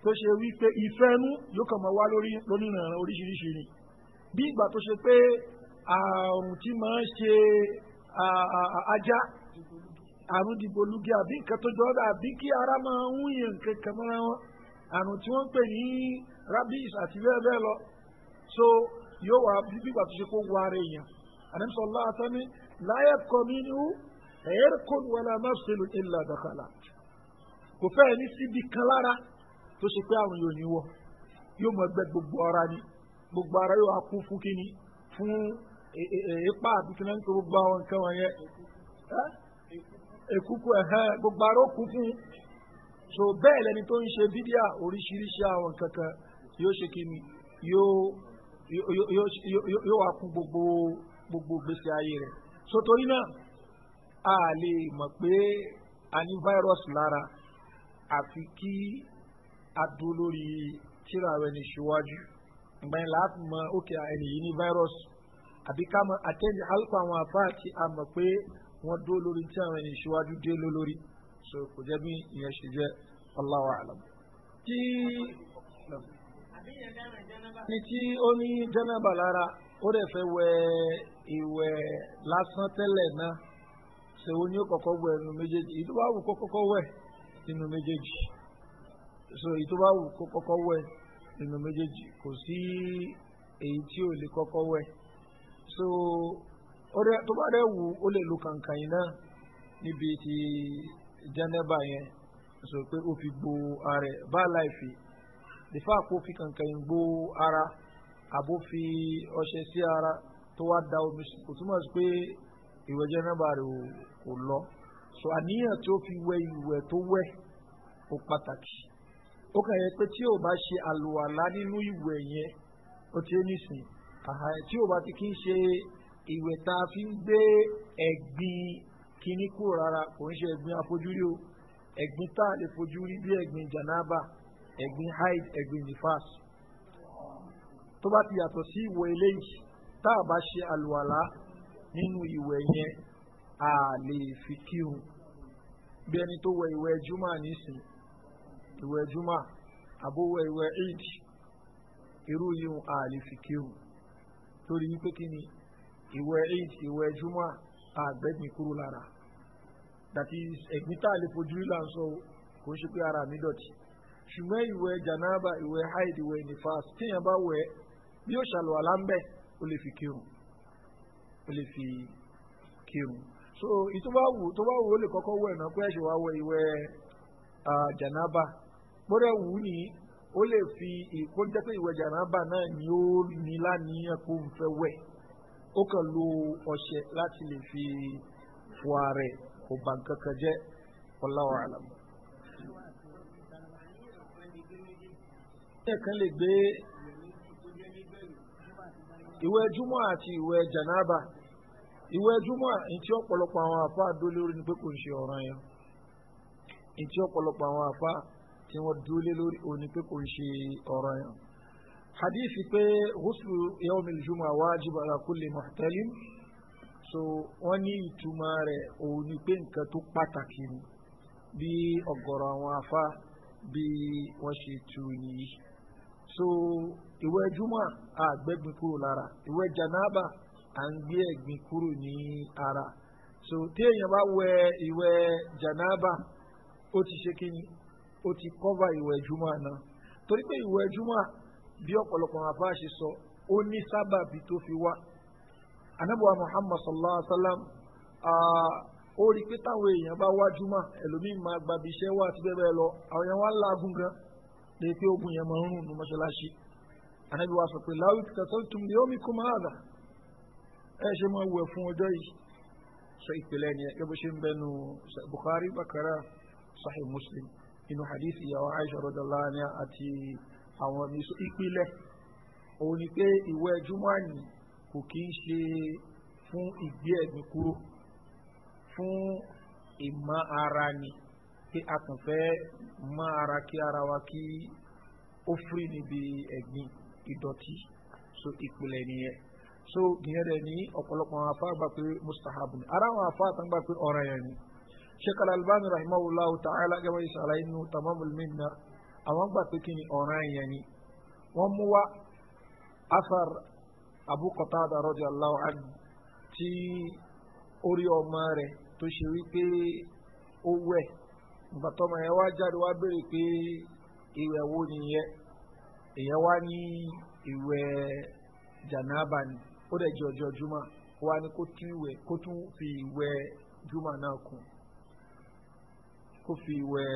tó ṣe wípé ìfẹ́ nu yóò kàn máa wá lórí lónìí oríṣiríṣi ni bí ìgbà tó ṣe pé àrùn tí máa ń ṣe ajá àrùn dìbò lùgì àbí nǹkan tó jọ ọ́dà àbí kí ara máa ń yàn nǹkan kan mọ́ra wọn àrùn tí wọ́n ń pè ní rabies àti bẹ́ẹ̀ bẹ́ẹ̀ lọ so yóò wá bíbí ìgbà tó ṣe kó wá ara èèyàn àdàmísọ̀ ọlá àtàní láyé kọ́ mi ní ẹ̀yẹ́rì kò ní wọlé amáṣẹ́lú ilà dàkàlà kò fẹ́ẹ̀ ní síbi kan lára tó ṣe pé àrùn yóò ní wọ yóò mọ ẹgbẹ́ gbogbo ọ̀ra ni gbogbo ara yóò wá kún fún kíni fún e, e, e, ipa àbí kí náà ń tó gbogbo àwọn nǹkan wọ̀nyẹn èkúkú ẹ̀hẹ́n gbogbo ara ó kún fún so bẹ́ẹ̀ lẹni tó ń ṣe bídíà oríṣiríṣi àwọn nǹkan kan yóò ṣe kíni yóò wá kún gbogbo gbogbo gbèsè ayé rẹ̀ so torí náà a lè mọ̀ pé a ní fáírọ́ọ̀sì lára àfi kí a dúró lórí tíra rẹ̀ ní ṣíwájú gbẹ̀yìn ma mọ òkè ẹni yìí ní virus àbí ká mọ àtẹ́jì alùpùpù àwọn afá àti àmọ̀ pé wọ́n dó lórí tí àwọn ènìyàn ṣíwájú dé lórí so kò jẹ́ bí ìyẹn ṣe jẹ́ allahu alam. tí ní tí ó ní jẹ́nàbà lára ó dẹ̀ fẹ́ wẹ ìwẹ̀ lásán tẹ́lẹ̀ náà ṣe ó ní ó kọ́kọ́ wẹ nínú méjèèjì ìtúbáwù kó kọ́kọ́ wẹ̀ nínú méjèèjì so ìtúbáwù kó koko we nínú méjèèjì kò sí èyí tí ò lè kọ́kọ́ wẹ̀ so tó bá rẹ̀ wù ó lè lo kàǹkà yìí náà níbi ti jẹ́nẹ́bà yẹn sọ pé ó fi gbo ara ẹ̀ bá láìfi dìfá kó fi kàǹkà yìí gbo ara àbó fi ọṣẹ sí ara tó wá da omi sí kò túmọ̀ sí pé ìwẹ̀ jẹ́nẹ́bà rẹ̀ kò lọ so àníyàn tó fi wẹ ìwẹ̀ tó wẹ̀ ó pàtàkì ó kàn yẹ pé tí ò bá ṣe àlùwàlá nínú ìwẹ̀ yẹn ó ti ní sìn tí ò bá ti kí ń ṣe ìwẹ̀ tá a fi ń gbé ẹ̀gbin kíní kúrò rárá kò ń ṣe ẹ̀gbin àfojúrí o ẹ̀gbin tá a lè fojú rí bí ẹ̀gbin janaba ẹ̀gbin haid ẹ̀gbin nifas tó bá ti yàtọ̀ sí ìwẹ̀ eléyìí tá a bá ṣe àlùwàlá nínú ìwẹ̀ yẹn a lè fi kírun bí ẹni tó wẹ ìwẹ̀ jùmọ̀ nísìnyí iwe juma abuwe iwe id iru yiun alifikiru tori wipe kini iwe id iwe juma agbẹni kuru lara dati egbita alefojuri lanso ko n se pe ara mi dọti ṣugbọn iwe janaba iwe haid iwe nifas kenya wee, bi o ṣalo ala nbẹ o le fi keru. o le fi keru. so ituba wo to ba wo le kọkọ wẹ na pe ẹ ṣe wa wẹ iwe janaba. bọ́dẹ̀ wù ní ó lè fi ìkóńjẹ́ pé ìwẹ̀ jàǹbá náà ni ó ní láníyàn kó ń fẹ́ wẹ̀ ó kàn lo ọ̀ṣẹ̀ láti lè fi fọ ààrẹ kò bá nǹkan kan jẹ́ ọláwọ̀ àlàm. ìyẹn kan lè gbé ìwẹ̀ júmọ̀ àti ìwẹ̀ jàǹbá ìwẹ̀ júmọ̀ ntí ọ̀pọ̀lọpọ̀ àwọn àfa àdó lórí ni pé kò ń ṣe ọ̀ràn yẹn ntí ọ̀pọ̀lọpọ̀ àwọn àfa tí wọ́n dúró lé lórí òní pé kò ń ṣe ọ̀rọ̀ yẹn hadith pé ghuslu yawm al-jumu'a wajib ala kulli muhtalim so wọ́n ní ìtumọ̀ rẹ̀ òní pé nǹkan tó pàtàkì ni bí ọ̀gọ̀rọ̀ àwọn afá bí wọ́n ṣe tu nìyí so ìwẹ̀ júmọ̀ àgbẹ̀gbin kúrò lára ìwẹ̀ janaba à ń gbé ẹ̀gbin kúrò ní ara so téèyàn bá wẹ ìwẹ̀ janaba ó ti ṣe kí ni ó ti kọ́va ìwẹ̀ jùmọ̀ náà torí pé ìwẹ̀ jùmọ̀ bí ọ̀pọ̀lọpọ̀ àbá ṣe sọ ó ní sábàbí tó fi wá anábọ̀wá muhammad sallallahu alayhi wa sallam ó rí i pé táwọn èèyàn bá wá jùmọ̀ ẹlòmíín máa gbàbí iṣẹ́ wá àti bẹ́ẹ̀ bẹ́ẹ̀ lọ àwọn èèyàn wá ń laagun gan lè pé ogun yẹn máa ń rùn ní mọ́ṣáláṣí anábì sọ pé láwùjọ kẹsàn-án tún lè omi kó máa dà ẹ ṣe máa wẹ̀ fún ọjọ́ yìí sọ ìpìlẹ̀ ni ẹ bó ṣe ń bẹnu buhari bakara sahih muslim inú hadith ìyàwó aisha radhiyallahu anha àti àwọn ìṣó ìpìlẹ̀ òun ni pé ìwẹ̀ jumu'ah ni kò kí ń ṣe fún ìgbé ẹ̀gbìn kúrò fún ìmọ̀ ara ni pé a kàn fẹ́ mọ ara kí ara wa kí ó firi níbi ẹ̀gbìn ìdọ̀tí so ìpìlẹ̀ nìyẹn so ìyẹn rẹ̀ ní ọ̀pọ̀lọpọ̀ àwọn afá gbà pé mustahab ni ara àwọn afá àtàgbà pé ọ̀ranyàn ni sheikh alalbani rahimahullahu ta'ala gẹ́gẹ́ bí sàlàyé inú tamamul minna àwọn gbà pé kí ni ọ̀ràn yẹn ni wọ́n mú wá afar abu qatada radiyallahu anhu tí orí ọmọ rẹ̀ tó ṣe wípé ó wẹ̀ nígbà tọ́mọ yẹn wá jáde wá béèrè pé ìwẹ̀ wo nìyẹn èyàn wá ní ìwẹ̀ jànáàbà ni ó dẹ̀ jọjọ juma wá ní kó tún ìwẹ̀ kó tún fi ìwẹ̀ juma náà kún kó fi wẹ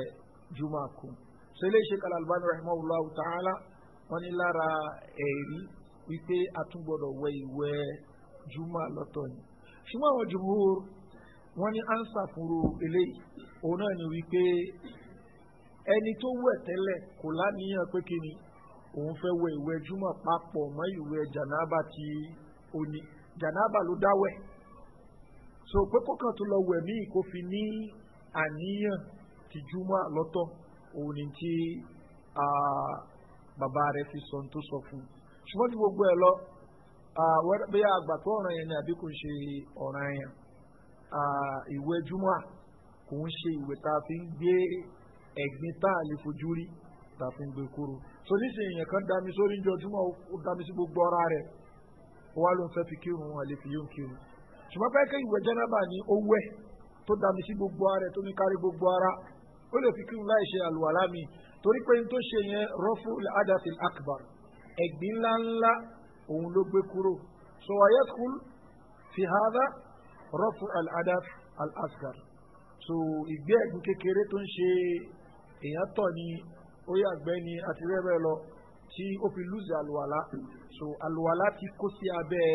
juma kù sẹlẹ̀ ṣe kàlà albani rahimahullah ta'ala wọn ni lára ẹ̀rí wípé a tún gbọdọ̀ wẹ ìwẹ juma lọ́tọ̀ ni ṣùgbọ́n àwọn jùmúhùr wọn ni ansa fúru eléyìí òun náà ni wípé ẹni tó wẹ̀ tẹ́lẹ̀ kò láníyàn pé kí òun fẹ́ wẹ ìwẹ juma papọ̀ mọ́ ìwẹ jànáàbà tí ó ní ló dáwẹ̀ so pé kókàn tó lọ wẹ̀ míì kó fi ní àníyàn ti juma lọ́tọ̀ òun ni ti bàbá rẹ̀ fi sọ tó sọ fún un ṣùgbọ́n tí gbogbo ẹ̀ lọ bí àgbàtọ́ ọ̀ràn yẹn ni àbí kò ṣe ọ̀ràn yẹn ìwé juma kò ń ìwé tá a fi ń gbé ẹ̀gbin tá a lè fojú rí a fi ń gbé kúrò so nísìnyí èèyàn kan dá mi sórí ń jọ juma ó dá mi sí gbogbo ọ̀rá rẹ̀ wọ́n á ló ń fẹ́ fi kírun wọn lè fi yóò kírun ṣùgbọ́n pẹ́ẹ́kẹ́ ìwé jẹ́nàbà ni ó wẹ̀ tó dá mi gbogbo ara tó ní kárí gbogbo ara ó lè fi kí wọn láì ṣe àlùwàlá mi torí pé n tó ṣe yẹn rọ́fù adàfi akbar ẹ̀gbin ńláńlá òun ló gbé kúrò so ayatul fi hada rọ́fù adàfi asgar so ìgbé ẹ̀gbin kékeré tó ń ṣe èèyàn tọ̀ ni ó yàgbẹ́ ni àti rẹ́rẹ́ lọ tí ó fi lùzì àlùwàlá so àlùwàlá ti kó sí abẹ́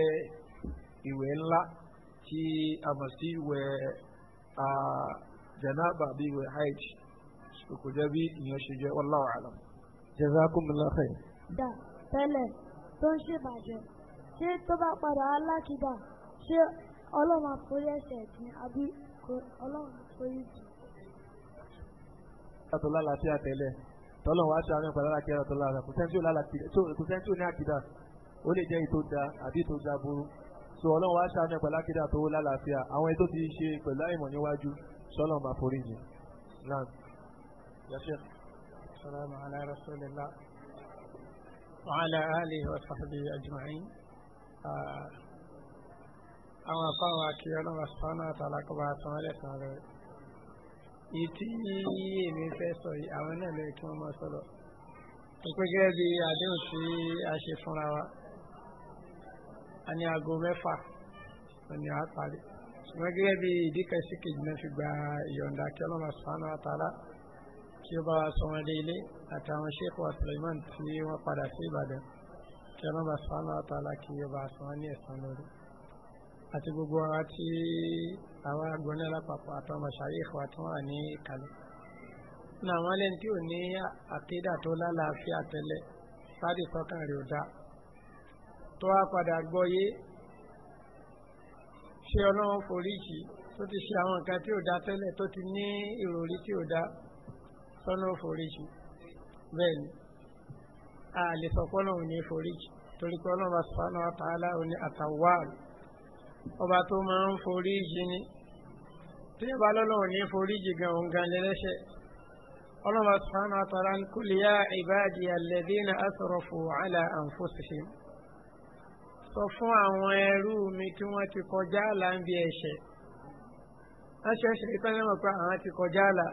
ìwẹ̀ ńlá tí a mọ̀ sí ìwẹ̀ ah, janaba bí ìwẹ̀ haiti kò jẹ́ bí ìyẹn ṣe jẹ́ wallahu alam. jazakumullahu khair. dà tẹ́lẹ̀ tó ń ṣèbàjẹ́ ṣé tó bá padà alákìdá ṣé ọlọ́run àforí ẹ̀ṣẹ̀ ni àbí ọlọ́run àforí jù. ìyàtọ̀ lálàáfíà tẹ́lẹ̀ tọ́lọ̀ wá ṣe àwọn ìpàdé alákìdá tó lára kò sẹ́ńtì ò ní àkìdá ó lè jẹ́ ètò da àbí ètò da burú so ọlọ́run wá ṣe àwọn ìpàdé alákìdá tó lálàáfíà àwọn ètò ti ṣe pẹ̀lú àìmọ̀ níwájú sọ́lọ́run àforí náà. يا شيخ السلام على رسول الله وعلى آله وصحبه أجمعين àwọn afáwọn akíyọ náà sọ́nà àtàlákọ́bà àtàwọn ẹlẹ́sìn rẹ̀ yìí tí èmi fẹ́ sọ yìí àwọn náà lè kí wọ́n máa sọ̀rọ̀ pípẹ́ gẹ́gẹ́ bí àdéhùn tí a ṣe fúnra wa a ní aago mẹ́fà òní àá ṣùgbọ́n gẹ́gẹ́ bí ìdíkẹ́sí kejì náà fi gba ìyọ̀ǹda kí ọlọ́mọ sọ́nà àtàlákọ́bà tí ó bá wa sọ wọn dé àtàwọn sheikh wa suleiman tí wọn padà sí ìbàdàn kí ọlọ́run bá sọ wọn àtàlà kí ọba sọ wọn ní ẹ̀sán lórí àti gbogbo wa tí àwọn agbóná lápapọ̀ àtàwọn mọ̀ṣáyé wa tí wọ́n wà ní ìkàlẹ̀ náà wọ́n lẹ́ni tí ò ní àkédà tó lálàáfíà tẹ́lẹ̀ sáàdì sọ́kàn rẹ̀ ò dá tó wá padà gbọ́yé ṣé ọlọ́run foríṣi tó ti ṣe àwọn nǹkan tí ò dá tẹ́lẹ̀ tó ti ní ìròrí tí ò dá sọ́nà òforíjì bẹ́ẹ̀ ni a lè sọ pé ọlọ́run ní foríjì torí pé ọlọ́run bá sọ́nà àtàlà òní àtàwáàlù ọba tó máa ń foríjì ni tí ìbá lọ́lọ́run ní foríjì gan òun gan lẹ́lẹ́sẹ̀ ọlọ́run bá sọ́nà àtàlà ń kúlẹ̀ yá ìbáàdì alladhina asrafu ala anfusihim sọ fún àwọn ẹrú mi tí wọ́n ti kọjá àlà ń bí ẹ̀ṣẹ̀ wọ́n ṣẹ̀ṣẹ̀ ìpẹ́lẹ́mọ̀ pé àwọn ti kọjá àlà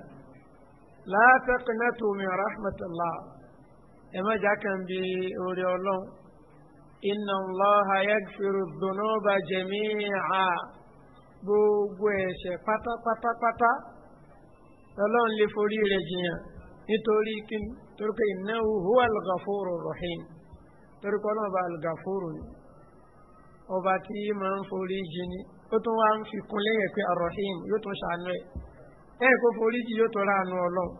la taqnatu min rahmatillah ẹ má jà kàn bí orí ọlọ́run inna Allaha yaghfiru dhunuba jami'a gbogbo ẹ̀ṣẹ̀ pátápátápátá ọlọ́run lè forí rẹ̀ jiyàn nítorí kíni torí pé innahu huwa al-ghafuru rahim torí pé ọlọ́run bá al ni ọba tí máa ń forí jini ó tún wá ń fi kún lẹ́yìn pé ar yóò tún ṣàánú ẹ̀ ẹ̀ kó forí jì yóò tọ́ra àánú ọlọ́run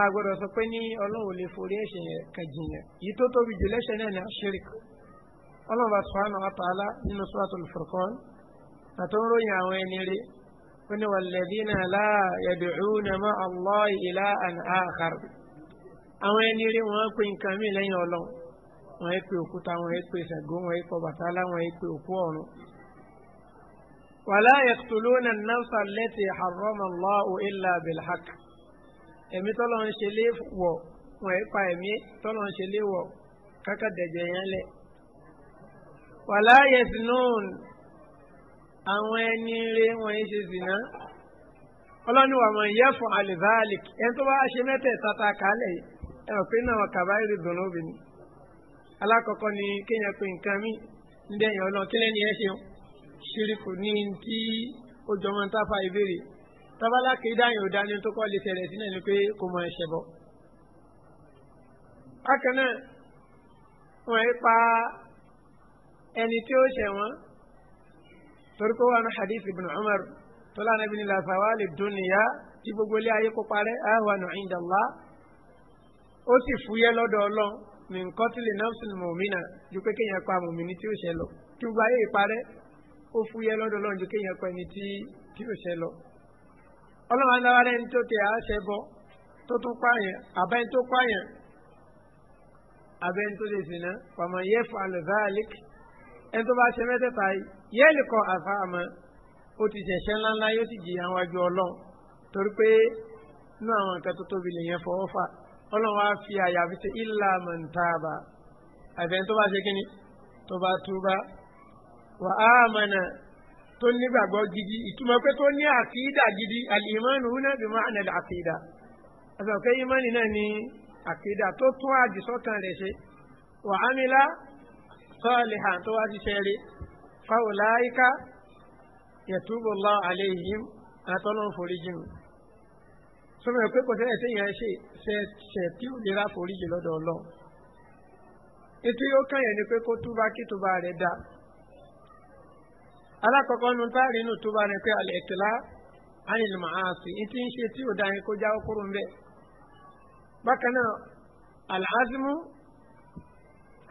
a gbọ́dọ̀ sọ pé ní ọlọ́run lè forí ẹ̀ṣẹ̀ yẹn kan jìyàn yìí tó tóbi jù lẹ́ṣẹ̀ náà ní àṣírí ọlọ́run bá sọ̀rọ̀ àwọn àtàlá nínú sọ́wọ́tò lùfọ̀kọ́n àtọ́nròyìn àwọn ẹni rí ó ní wàlẹ́dínà láàyẹ̀dùnúnà mọ́ allah ilá àná àkàr àwọn ẹni rí wọn pe nǹkan mí lẹ́yìn ọlọ́run wọn pe òkúta wọn pe sàgó wọn pe bàtálá wọn pe òkú ọ̀run wàlá yaqtuluna an-nafsa allati harrama Allahu illa bilhaq èmi tọ́lọ́ ń ṣe lé wọ̀ wọ́n ẹ̀ pa ẹ̀mí tọ́lọ́ ń ṣe lé wọ̀ kákà dẹ̀jẹ̀ yẹn lẹ̀. wàlá yaznun àwọn ẹni rẹ wọ́n ń ṣe zìnà ọlọ́ni wà man yaf'al dhalik ẹni tó bá ṣe mẹ́tẹ̀ẹ̀ta ta kálẹ̀ ẹ̀rọ pé náà kàbáyìrì dùnú obìnrin alákọ̀ọ́kọ́ ni kéèyàn ṣíríkù ní ti ojọmọ ń tafa ìbéèrè tábàlá kédáyìn ò dání tó kọ́ lè tẹ̀lé sí náà ni pé kò mọ ẹ̀ṣẹ̀ bọ̀. bákan náà wọ́n yí pa ẹni tí ó ṣẹ̀ wọ́n torí kó wà ní hadith ibn umar tó lánà bí ní làfàwà lè dún níyà tí gbogbo ilé ayé kó parẹ́ àwa nù ìdàlá ó sì fúyẹ́ lọ́dọ̀ ọlọ́run nǹkan tí lè náà sùn mọ̀mí náà ju pé kéèyàn pa mọ̀mí ní tí ó ṣẹ̀ kí gbogbo ayé ìparẹ́ ó fúyẹ́ lọ́dọ̀ lọ́njú kéèyàn pẹ́ ni tí tí ò ṣẹ lọ. ọlọ́run aláwárẹ́ ẹni tó tẹ àṣẹ bọ tó tún pààyàn àbẹ́ni tó pààyàn àbẹ́ni tó lè sìnà pàmò yẹ fún alùbáàlík ẹni tó bá ṣe mẹ́tẹ̀ẹ̀ta yẹ́ẹ̀lì kan àfàmọ́ ó ti ṣẹ̀ṣẹ̀ ńláńlá yóò ti jìyà wájú ọlọ́run torí pé inú àwọn nǹkan tó tóbi lè yẹn fọwọ́ fà ọlọ́run á fi àyàfi ṣe ìlà mọ̀ntàbà àbẹ́ni tó bá ṣe kíni tó bá túbá wà á mọ̀nà tó nígbàgbọ́ gidi ìtumọ̀ pé tó ní àkídà gidi alìmánu húnà bí máa nà àkídà àtàkùn ìmánì náà ní àkídà tó tún àdìsọ́kàn rẹ̀ ṣe wà á nílá sọ́ọ̀lìhà tó wá ti ṣeré fáwọn láyíká yẹtúbọ̀ lọ àlẹ́ yìí àtọ́lọ́n foríjì mi sọmọ pé kò sẹ́yìn sẹ́yìn ṣe ṣe ṣe tí ò lè ra foríjì lọ́dọ̀ ọlọ́run ètò yóò kàn yẹn ni pé kó túbá túbá rẹ̀ dáa alákọ̀ọ́kọ́ nu tá a rí inú tó bá ní pé alẹ́ ìtìlá ánìlì màá sí i ti ń ṣe tí ò dá yẹn kó jáwọ́ kúrò ń bẹ̀. bákan náà alhazimu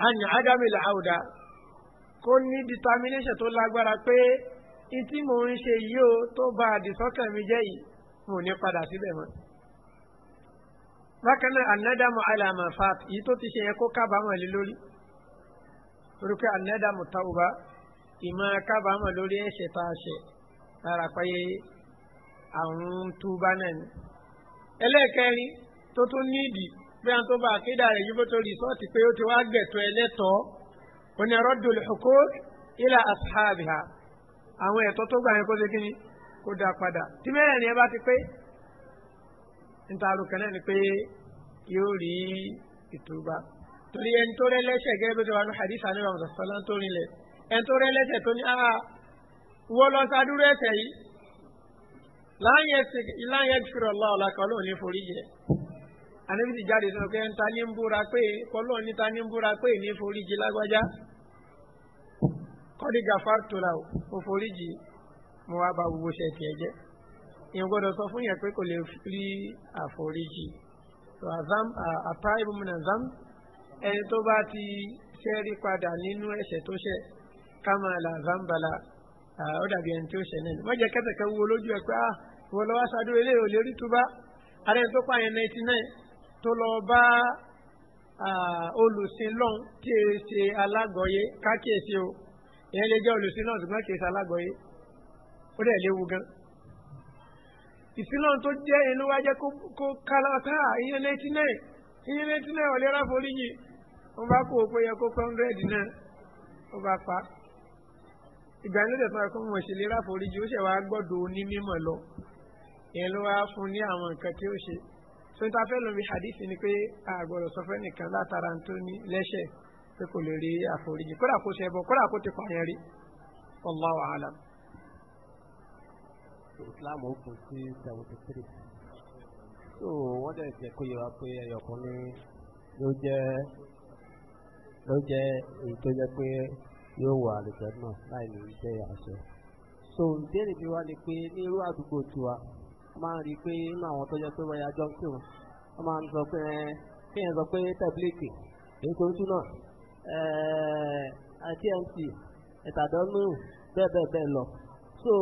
àni ádámù ilẹ̀ àwùdá kó ní determination tó lágbára pé i mò ń ṣe yìí ó tó bá àdìsọ́kàn mi jẹ́ yìí mo ní padà síbẹ̀ mọ́. bákan náà anádàmú alàmàfàt yìí tó ti ṣe yẹn kó kábàámọ̀ lé lórí. torí pé anádàmú tàwùbá ìmọ̀ kábàámọ̀ lórí ẹ̀ṣẹ̀ tá a ṣẹ̀ lára pé àrùn túbá náà ni. ẹlẹ́ẹ̀kẹrin tó tún nídìí bí wọn tó bá akéda rẹ̀ yíbó tó rìsọ́ọ̀tì pé ó ti wá gẹ̀tọ́ ẹlẹ́tọ̀ọ́ òní rọ́dù lùkó ilà àṣàbìhà àwọn ẹ̀tọ́ tó gbà yẹn kó ṣe kíni kó dá padà tí mẹ́rẹ̀ẹ̀rin ẹ bá ti pé ntaarùkẹ náà ni pé yóò rí ìtúbà torí ẹni tó rẹ lẹ́sẹ̀ gẹ́gẹ́ bí wọn hadith anamọ̀ sọ́lá tó rinlẹ̀. ẹni tó rẹ́ lẹ́sẹ̀ tó ní ara wọ́ lọ sádúró ẹ̀sẹ̀ yìí láyé ìfúrọ̀ lọ ọ̀làkọ̀ lóun ní forí jẹ àníbi jáde sọ pé ta ní ń búra pé kọlọ́ọ̀ ní ta ní ń búra pé ní forí lágbájá forí mo wá gbogbo ṣe tiẹ̀ ìyẹn sọ fún yẹn pé kò lè so azam àtàìbùmùnà zam ẹni tó bá ti ṣẹ́rí padà nínú tó kama la zambala ó ah, dàbí ẹni tí ó ṣẹ̀ náà wọ́n jẹ́ kẹ́tẹ̀kẹ́ wo lójú ẹ̀ pé ah wọ́n lọ́wọ́ aṣáájú ilé ò lè rí tuba ara ẹni tó pa yẹn ninety nine tó lọ bá ah, olùsìn lọ́n tí e ṣe alágọ̀ọ́yé kákíyèsí o ìyẹn lè jẹ́ olùsìn náà ṣùgbọ́n kì í ṣe alágọ̀ọ́yé ó dẹ̀ léwu gan. ìsìnà tó jẹ́ inú wa jẹ́ kó kálátà ah, ìyẹn ninety nine ìyẹn ninety nine ọ̀lẹ́ra foríjì wọ́n bá kó o pé yẹ kó pẹ́ hundred náà wọ́n bá pa á ìgbà yẹn ló dẹ̀ tún wá kó mọ̀ ṣe lè ráforíjì ó ṣẹ̀ wá gbọ́dọ̀ onímọ̀ lọ ìyẹn ló wá fún ní àwọn nǹkan tí ó ṣe tó ń ta fẹ́ lómi hadith ni pé àgbọ̀dọ̀ sọ fẹ́ nìkan látara tó ní lẹ́ṣẹ̀ pé kò lè rí àforíjì kódà kó ṣe ẹbọ kódà kó ti pààyàn rí wallahu alam. islam ó kún sí seventy three so wọ́n dẹ̀ jẹ́ kó yẹ wá pé ẹyọkùnrin ló jẹ́ ló jẹ́ èyí tó jẹ́ pé yóò wọ àlùjọ náà láì ní jẹ́ àṣẹ. so ìbéèrè mi wá ni pé ní irú àdúgbò tiwa a máa ń rí i pé inú àwọn tọ́jọ́ pé wọ́n ya jọ ń kí wọn wọ́n máa ń sọ pé kéèyàn sọ pé tẹ̀blíkì èyí tó ń tún náà eh, tmc ìtàdánù bẹ́ẹ̀ bẹ́ẹ̀ bẹ́ẹ̀ lọ. so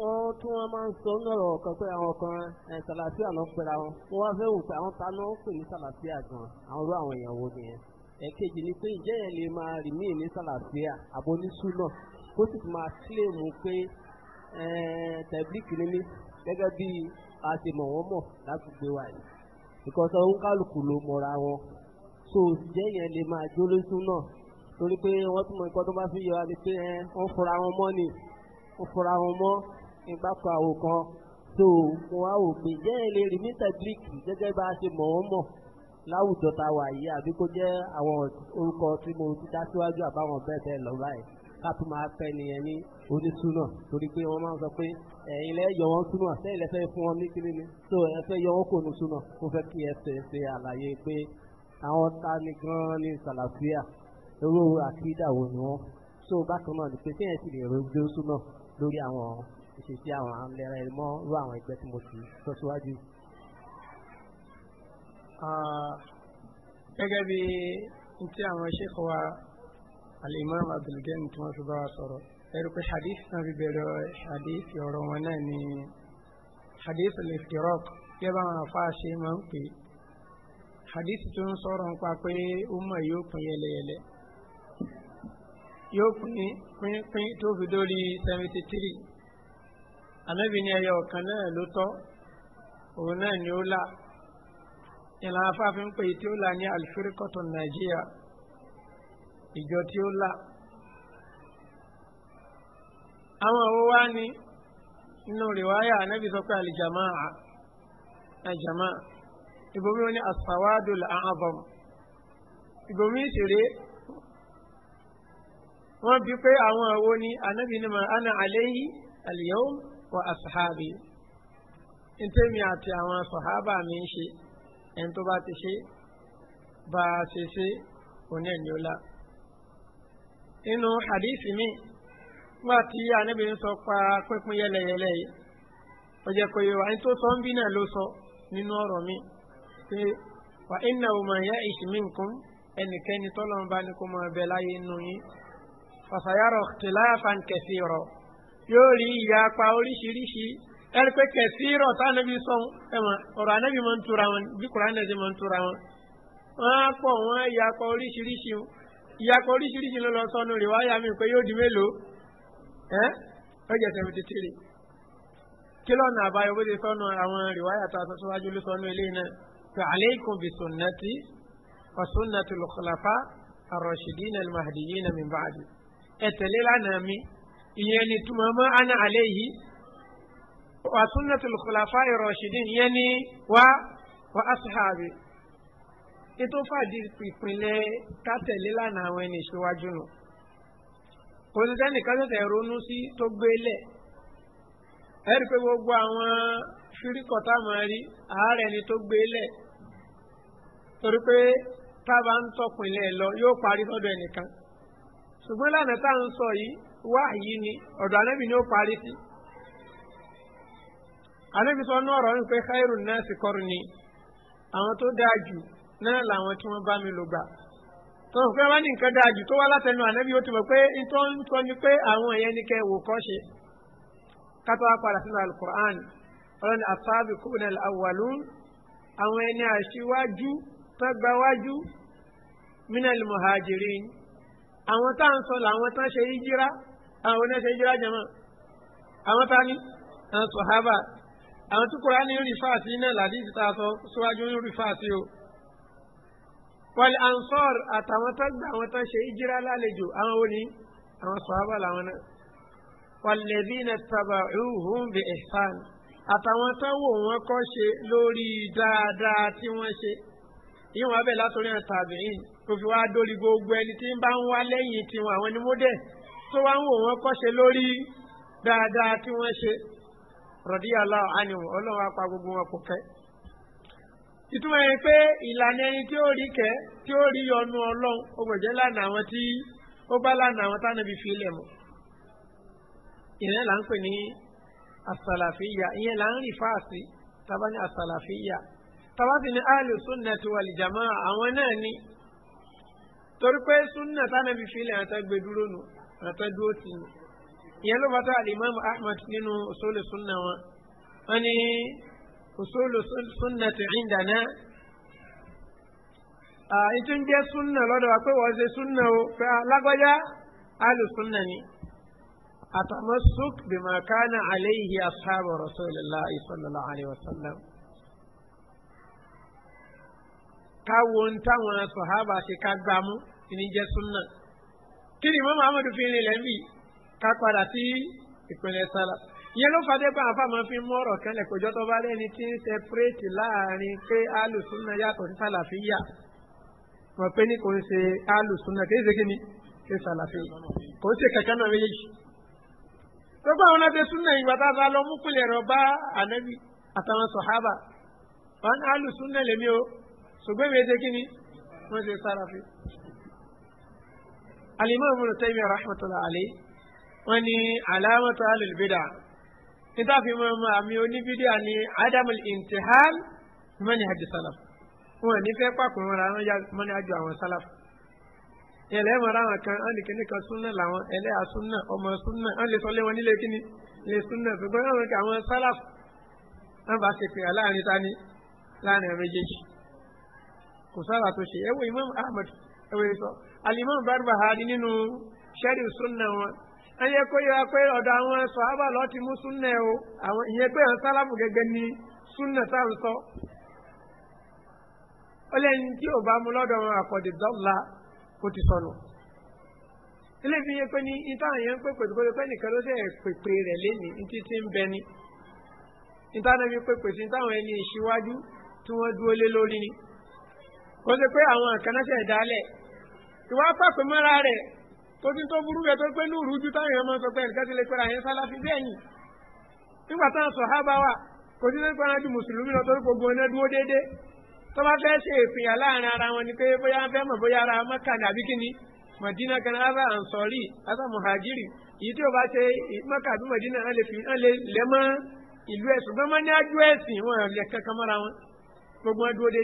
wọ́n tún wọ́n máa ń sọ nọ̀rọ̀ kan pé àwọn kan eh, sàlàfíà ló ń pera wọn wọ́n wá fẹ́ wò pé àwọn ta pè ní sàlàfíà gan àwọn irú àwọn èèyàn wo nìyẹn ẹ̀kejì ni pé ìjẹ́ yẹn lè máa rì mí ní sàlàfíà àbónísúnà kó sì máa kílèmù pé eh, tẹ̀blíkì ni gẹ́gẹ́ bí a ti mọ̀ wọ́n mọ̀ lágbègbè wa yìí because òun kálukú ló mọ̀ra wọn so ìjẹ́ yẹn lè máa jó lóṣùnà torí pé wọ́n tún mọ nǹkan tó bá fi yọ àti pé eh, wọ́n fura wọn mọ́ ni wọ́n fura wọn mọ́ ìgbàkọ àwòkan so wọn á wò pé ìjẹ́ yẹn lè rì mí tẹ̀blíkì gẹ́gẹ́ bá a ti mọ̀ láwùjọ tá a wà yìí àbí kó jẹ́ àwọn orúkọ tí mo ti dá síwájú àbáwọn bẹ́ẹ̀ bẹ́ẹ̀ lọ báyìí ká tún máa fẹ́ nìyẹn ní onísúnà torí pé wọ́n máa ń sọ pé ẹ̀yin lẹ́ yọ wọn súnà sẹ́yìn lẹ́fẹ́ fún wọn ní kíní ni so ẹ fẹ́ yọ wọn kò ní súnà mo fẹ́ kí ẹ ṣe ṣe àlàyé pé àwọn ta ni gan-an sàlàfíà owó àkídà wo ni wọ́n so bákan náà ni pé kéèyàn sì lè rojú súnà lórí àwọn ìṣesí àwọn àmì ẹ̀rọ ẹ̀mọ́ àwọn ẹgbẹ́ tí mo ti sọ síwájú yìí gẹ́gẹ́ bí n tí àwọn sheikh wa al-imam abdulgani tí wọ́n fi bá wa sọ̀rọ̀ ẹ̀rù pé hadith náà fi bẹ̀rẹ̀ hadith ọ̀rọ̀ wọn náà ni hadith al-iftiraq yẹ bá wọn fa ṣe máa ń pè hadith tó ń sọ̀rọ̀ ń pa pé umma yóò pín yẹlẹyẹlẹ yóò pín pín pín tó fi dórí seventy three anábìíní ẹyọ kan náà ló tọ́ òun náà ni ó là ìlànà afáfin pé tí ó là ní alifirikọtò nàìjíríà ìjọ tí ó là àwọn àwọn wa ni nínú rìwáyà anábì sọ pé alìjàmáà alìjàmáà ìbomi wọn ni asawadu làǹbọm ìbomi ìṣeré wọn bí pé àwọn àwo ni anábì ni mà ánà àléyí àlìyáwó wa asahabi ntẹ́mi àti àwọn sọ̀hábà mi ń ṣe ẹni tó bá ti ṣe bá a ṣe ṣe òní ẹ̀yìn ọ̀la. nínú hadithi mi wá tí anábì ń sọ pa pínpín yẹlẹyẹlẹ yìí ọjà kò yẹ wá ẹni tó sọ ń bí náà ló sọ nínú ọ̀rọ̀ mi pé wà iná òmò ẹ̀yà ìṣìmí nǹkan ẹnikẹ́ni tọ́lọ́mọba ni kò mọ̀ ẹ̀bẹ̀ láyé nù yín fàṣàyàrọ̀ tìláyà fàǹkẹ̀sì rọ̀ yóò rí ìyá apá oríṣiríṣi ẹni pé kẹsìrọ tá anabi sọ ẹmọ ọrọ anabi máa ń tura wọn bí kuran náà ṣe máa ń tura wọn wọn á pọ wọn yakọ oríṣiríṣi yakọ oríṣiríṣi ló lọ sọnù rè wáyà mi pé yóò di mélòó ẹ ó jẹ seventy three kí lọ́nà àbáyọ bó ṣe sọnù àwọn rìwáyà tá a síwájú ló sọnù eléyìí náà pé aleikum bi sunnati wa sunnati lukulafa arọṣidina almahdiyina min baadi ẹ tẹ̀lé lánàá mi ìyẹn ni tuma ana aleyhi. wa sunnatul khulafa'i rashidin yẹn wa wa ashabi ètò fàdí ìpínlẹ̀ kátẹ̀lé lánàá àwọn ẹni ìṣíwájú nù kò sí sẹ́nìkan ronú sí tó gbélé ẹ̀rí pé gbogbo àwọn fíríkọ̀ táwọn rí ààrẹ ni tó torí pé tábà ń lọ yóò parí sọ́dọ̀ ẹnìkan ṣùgbọ́n lánàá táwọn sọ yìí wáàyí ni anábì ni ó parí sí. Si àlébi sọ ní ọ̀rọ̀ wípé khairu nasi qarni àwọn tó dáa jù náà làwọn tí wọ́n bá mi lò gbà tó fẹ́ wá ní nǹkan dáa jù tó wá látẹnu ànábi ó ti mọ̀ pé ìtọ́ ń sọ ni pé àwọn èèyàn ní kẹ́ wò kọ́ ṣe kátó wá padà sínú alukur'an ọlọ́ni asáàbì kúbìnà àwàlú àwọn ẹni àṣìwájú tọ́gbàwájú minal muhajirin àwọn tá à ń sọ làwọn tán ṣe yíjíra àwọn oníṣẹ́ yíjíra jẹ́mọ́ àwọn tá ni àwọn sọ̀hábà àwọn tí kùránì ń rìfà sí náà làdíjì tá a sọ síwájú ń rìfà sí o. wal ansar àtàwọn tó gbà àwọn tó ṣe ìjírá lálejò àwọn òní àwọn sọ̀hábà làwọn náà. walladhina taba'uhum bi ihsan àtàwọn tó wò wọ́n kọ́ ṣe lórí dáadáa tí wọ́n ṣe ìwọ̀n abẹ́ látọ̀rí àwọn tàbíìn tó fi wá dórí gbogbo ẹni tí ń bá ń wá lẹ́yìn tiwọn àwọn ni mo dẹ̀ tó wá ń wò wọ́n kọ́ ṣe lórí dáadáa tí wọ́n ṣe rọ̀dí aláwọ̀ ánìwò ọlọ́run apá gbogbo wọn kò kẹ́. ìtumọ̀ yẹn pé ìlànà ẹni tí ó rí kẹ́ tí ó rí ọnu ọlọ́run ó gbọ̀jẹ́ lánàá àwọn tí ó bá lánàá àwọn tánàbí fi ilẹ̀ mọ́. ìyẹn là ń pè ní asàlàfíyà ìyẹn là ń rì fáàsì tábà ní asàlàfíyà tábà sì ní àlù súnà tí wà lìjàmọ́ àwọn náà ni torí pé súnà tánàbí fi ilẹ̀ àtẹ́gbẹ́dúró nù àtẹ́dúró tì nù ìyẹn ló bá tó alimam ahmed nínú usulu sunna wọn wọn ni usulu sunna ti indana ìtún jẹ́ sunna lọ́dọ̀ wa pé wọ́n ṣe sunna o pé alágbájá alu sunna ni atamasuk bima kana alayhi ashabu rasulillahi sallallahu alayhi wa sallam. káwo ń táwọn sọ̀hábà ṣe ká gbámú ìníjẹ́ sunna kí ni mọ́ muhammadu fi rìn lẹ́bí ká padà sí ìpínlẹ̀ sálà ìyẹn ló fàdé pé àfa máa fi mú ọ̀rọ̀ kan lẹ̀ kójọ́ tó bá lẹ́ni tí ń sẹpẹ́rẹ́tì láàrin pé alùsùnà yàtọ̀ sí sàlàfíà wọ́n pé ní kò ń ṣe alùsùnà kì í ṣe kíni kì í sàlàfíà kò ń ṣe kankan náà méjèèjì. gbogbo àwọn ọ̀nàdé súnà ìgbà tá a bá lọ mú kulẹ̀ rọ bá ànábì àtàwọn sọ̀hábà wọn alùsùnà lèmi o ṣùgbọ́n ìwé ṣe kíni wọ́n ṣe sàlàfíà. alimọ́ wọn ni alamatu alilbida níta fi mọ ọmọ àmì oníbídíà ni adamul intihal mọni hajj salaf wọn ní fẹ pàkó wọn làwọn ya mọni hajj àwọn salaf yẹlẹ mọ ara wọn kan wọn ní kíní kan súnà làwọn ẹlẹ́yà súnà ọmọ súnà wọn lè sọ lé wọn nílé kíní lè súnà ṣùgbọ́n wọn kì àwọn salaf wọn bá ṣe pè é láàrin tani láàrin méjèèjì kò sára tó ṣe ẹ wo imam ahmed ẹ wo ẹ sọ alimami barbahari nínú sẹ́rí súnà wọn ẹ yẹ kó yẹra pé ọ̀dọ̀ àwọn sọ̀hábà lọ́ọ́ ti mú súnà o àwọn ìyẹn pé àwọn sálàfù gẹ́gẹ́ ni súnà tá à ń sọ. ó lẹ́yìn tí ò bá mu lọ́dọ̀ wọn àkọ́dé dọ́là kó ti sọnù. ilé fi yẹ pé ní ìta àyẹ̀ ń pè pè pé pé nìkan ló ṣe pèpè rẹ̀ lénìí ní títí ń bẹ ni. ìta náà fi pèpè sí táwọn ẹni ìṣíwájú tí wọ́n dúró lé lórí ni. kó ṣe pé àwọn àkànnáṣẹ̀ dálẹ̀ tosi tó burú bẹ tó pé ní òrùjú táwọn èèyàn máa sọ pé nǹkan ti lè pẹ́ra yẹn sálá fi bẹ́ẹ̀ yìí nígbà táwọn sọ hábà wà kò sí ní pẹ́ran ju mùsùlùmí lọ torí gbogbo ẹni dúró déédéé tó bá fẹ́ ṣe ìfìyà láàrin ara wọn ni pé bóyá fẹ́ mọ̀ bóyá ara mọ́kà ní àbí kíni mọ̀dínà kan ásà ànsọ̀rí ásà mùhàjírì èyí tí o bá ṣe mọ́kà àbí mọ̀dínà á lè lẹ́ mọ́ ìlú ẹ̀ ṣùgbọ́n mọ́ ájú ẹ̀sìn wọn lẹ̀ kankan mọ́ra wọn gbogbo wọn dúró ni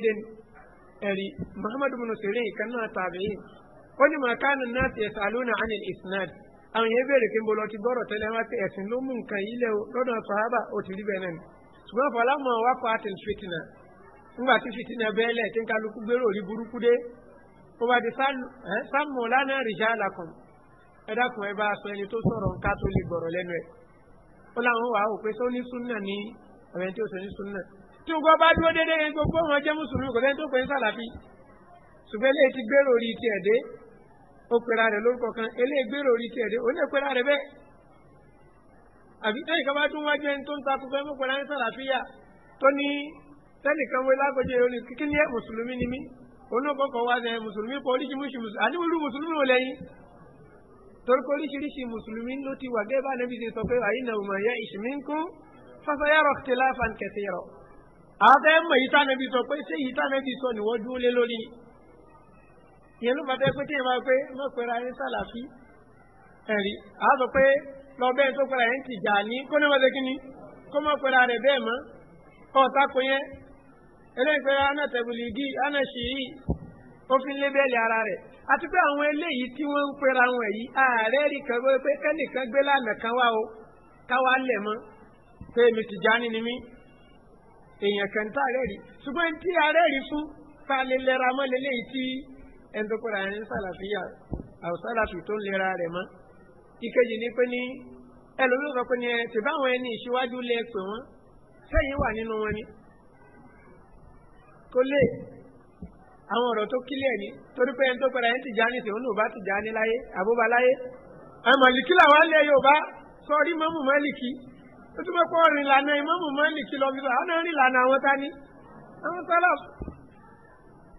ẹ̀rí muhammadu bin sirin kan náà tàbí wọ́n ní màkánù náà ti ẹ̀sà lónà anil isnad àwọn yẹn bèrè pé mo lọ ti gbọ́rọ̀ tẹ́lẹ̀ wá pé ẹ̀sìn ló mú nǹkan yìí lẹ́wọ̀ lọ́dọ̀ sọ̀hábà ó ti rí bẹ́ẹ̀ náà ni ṣùgbọ́n fọlámọ̀ wá kọ́ àti fìtìnà ńgbà tí fìtìnà bẹ́ẹ̀ lẹ̀ tí ń kálukú gbèrò orí burúkú dé ó bá di sámù la rìṣà làkàn ẹ dákun ẹ bá sọ ẹni tó sọ̀rọ̀ ká tó lè gbọ̀rọ̀ lẹ́nu ẹ̀ ó láwọn wà á wò pé sọ ní súnà ní ọ̀rẹ́ tí ó sọ ní súnà tí ó gbọ́ bá dúró déédéé gbogbo wọn jẹ́ mùsùlùmí kò sẹ́ni tó pè ń sàlàfi ṣùgbọ́n eléyìí ti gbèrò orí tiẹ̀ dé ó pera rẹ̀ lórúkọ kan eléègbèrò orí tiẹ̀ dé òun lè pera rẹ̀ bẹ́ẹ̀ àbí tẹ́yìn kan bá tún wá jẹ́ tó ń ta kúkẹ́ mú pẹ̀lú àyínsá làfíà tó ní tẹ́nìkan wé lágọ̀jẹ́ yìí ó ní kíkí ní ẹ̀ mùsùlùmí ni mí olókòkò wá sẹ́yìn mùsùlùmí kọ oríṣiríṣi mùsùlùmí àti olú mùsùlùmí ò lẹ́yìn torí kọ oríṣiríṣi mùsùlùmí ló ti wà gẹ́gẹ́ bá níbi ti sọ pé àyín náà mà yẹ ìṣìmínkún fásayàrọ̀ tẹ́lá fankẹ́sẹ̀rọ̀ àtẹ́ mọ̀ yìí tá ìyẹn ló máa tẹ́ pé téèyàn máa pé wọ́n pera ẹni sàlàfí ẹ̀rí àá sọ pé lọ bẹ́ẹ̀ tó pera ẹni tìjà ní kó ní wọ́n ṣe kíni kó mọ̀ pera rẹ̀ bẹ́ẹ̀ mọ́ ọ̀tá kò yẹn eléyìí pé ana tẹ̀bùlìgì ana ṣìyí ó fi ń lé bẹ́ẹ̀lì ara rẹ̀ àti pé àwọn eléyìí tí wọ́n ń pera wọn yìí ààrẹ rí kan pé kẹ́nìkan gbé lánàá kan wá o káwá lẹ̀ mọ́ pé èmi tìjà ní ni mí èèyàn kan tá ààrẹ rí ṣùgbọ́n tí ààrẹ rí fún ta ẹni tó kóra ẹni sàlàfíà àwòsàlàfì tó ń lera rẹ̀ mọ́ ìkejì ni pé ní ẹlòmíràn sọ pé ní ẹ tìbá àwọn ẹni ìṣíwájú lè pè wọ́n sẹ́yìn wà nínú wọn ni kó lè àwọn ọ̀rọ̀ tó kílẹ̀ ni torí pé ẹni tó padà yẹn ti já ní tòun náà bá ti já ní láyé àbúbá láyé àmọ̀lìkí làwọn alẹ́ yorùbá sọrí mọ́mù mọ́lìkì ó tún bẹ́ pọ́ rìn lànà ìmọ̀mù mọ́lìkì lọ́bí sọ àwọn náà rìn lànà àwọn tání àwọn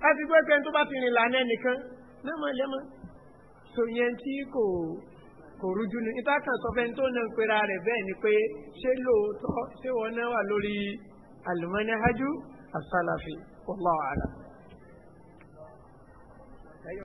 láti gbé pé tó bá ti rìn lànà nìkan náà mọ̀ lẹ́mọ̀ tó yẹn tí kò kò rújú ni níta kan sọ fẹ́ni tó na ń pera rẹ̀ bẹ́ẹ̀ ni pé ṣé lóòótọ́ ṣé wọn náà wà lórí àlùmọ́nì hajú àsálàfẹ́ wọ́n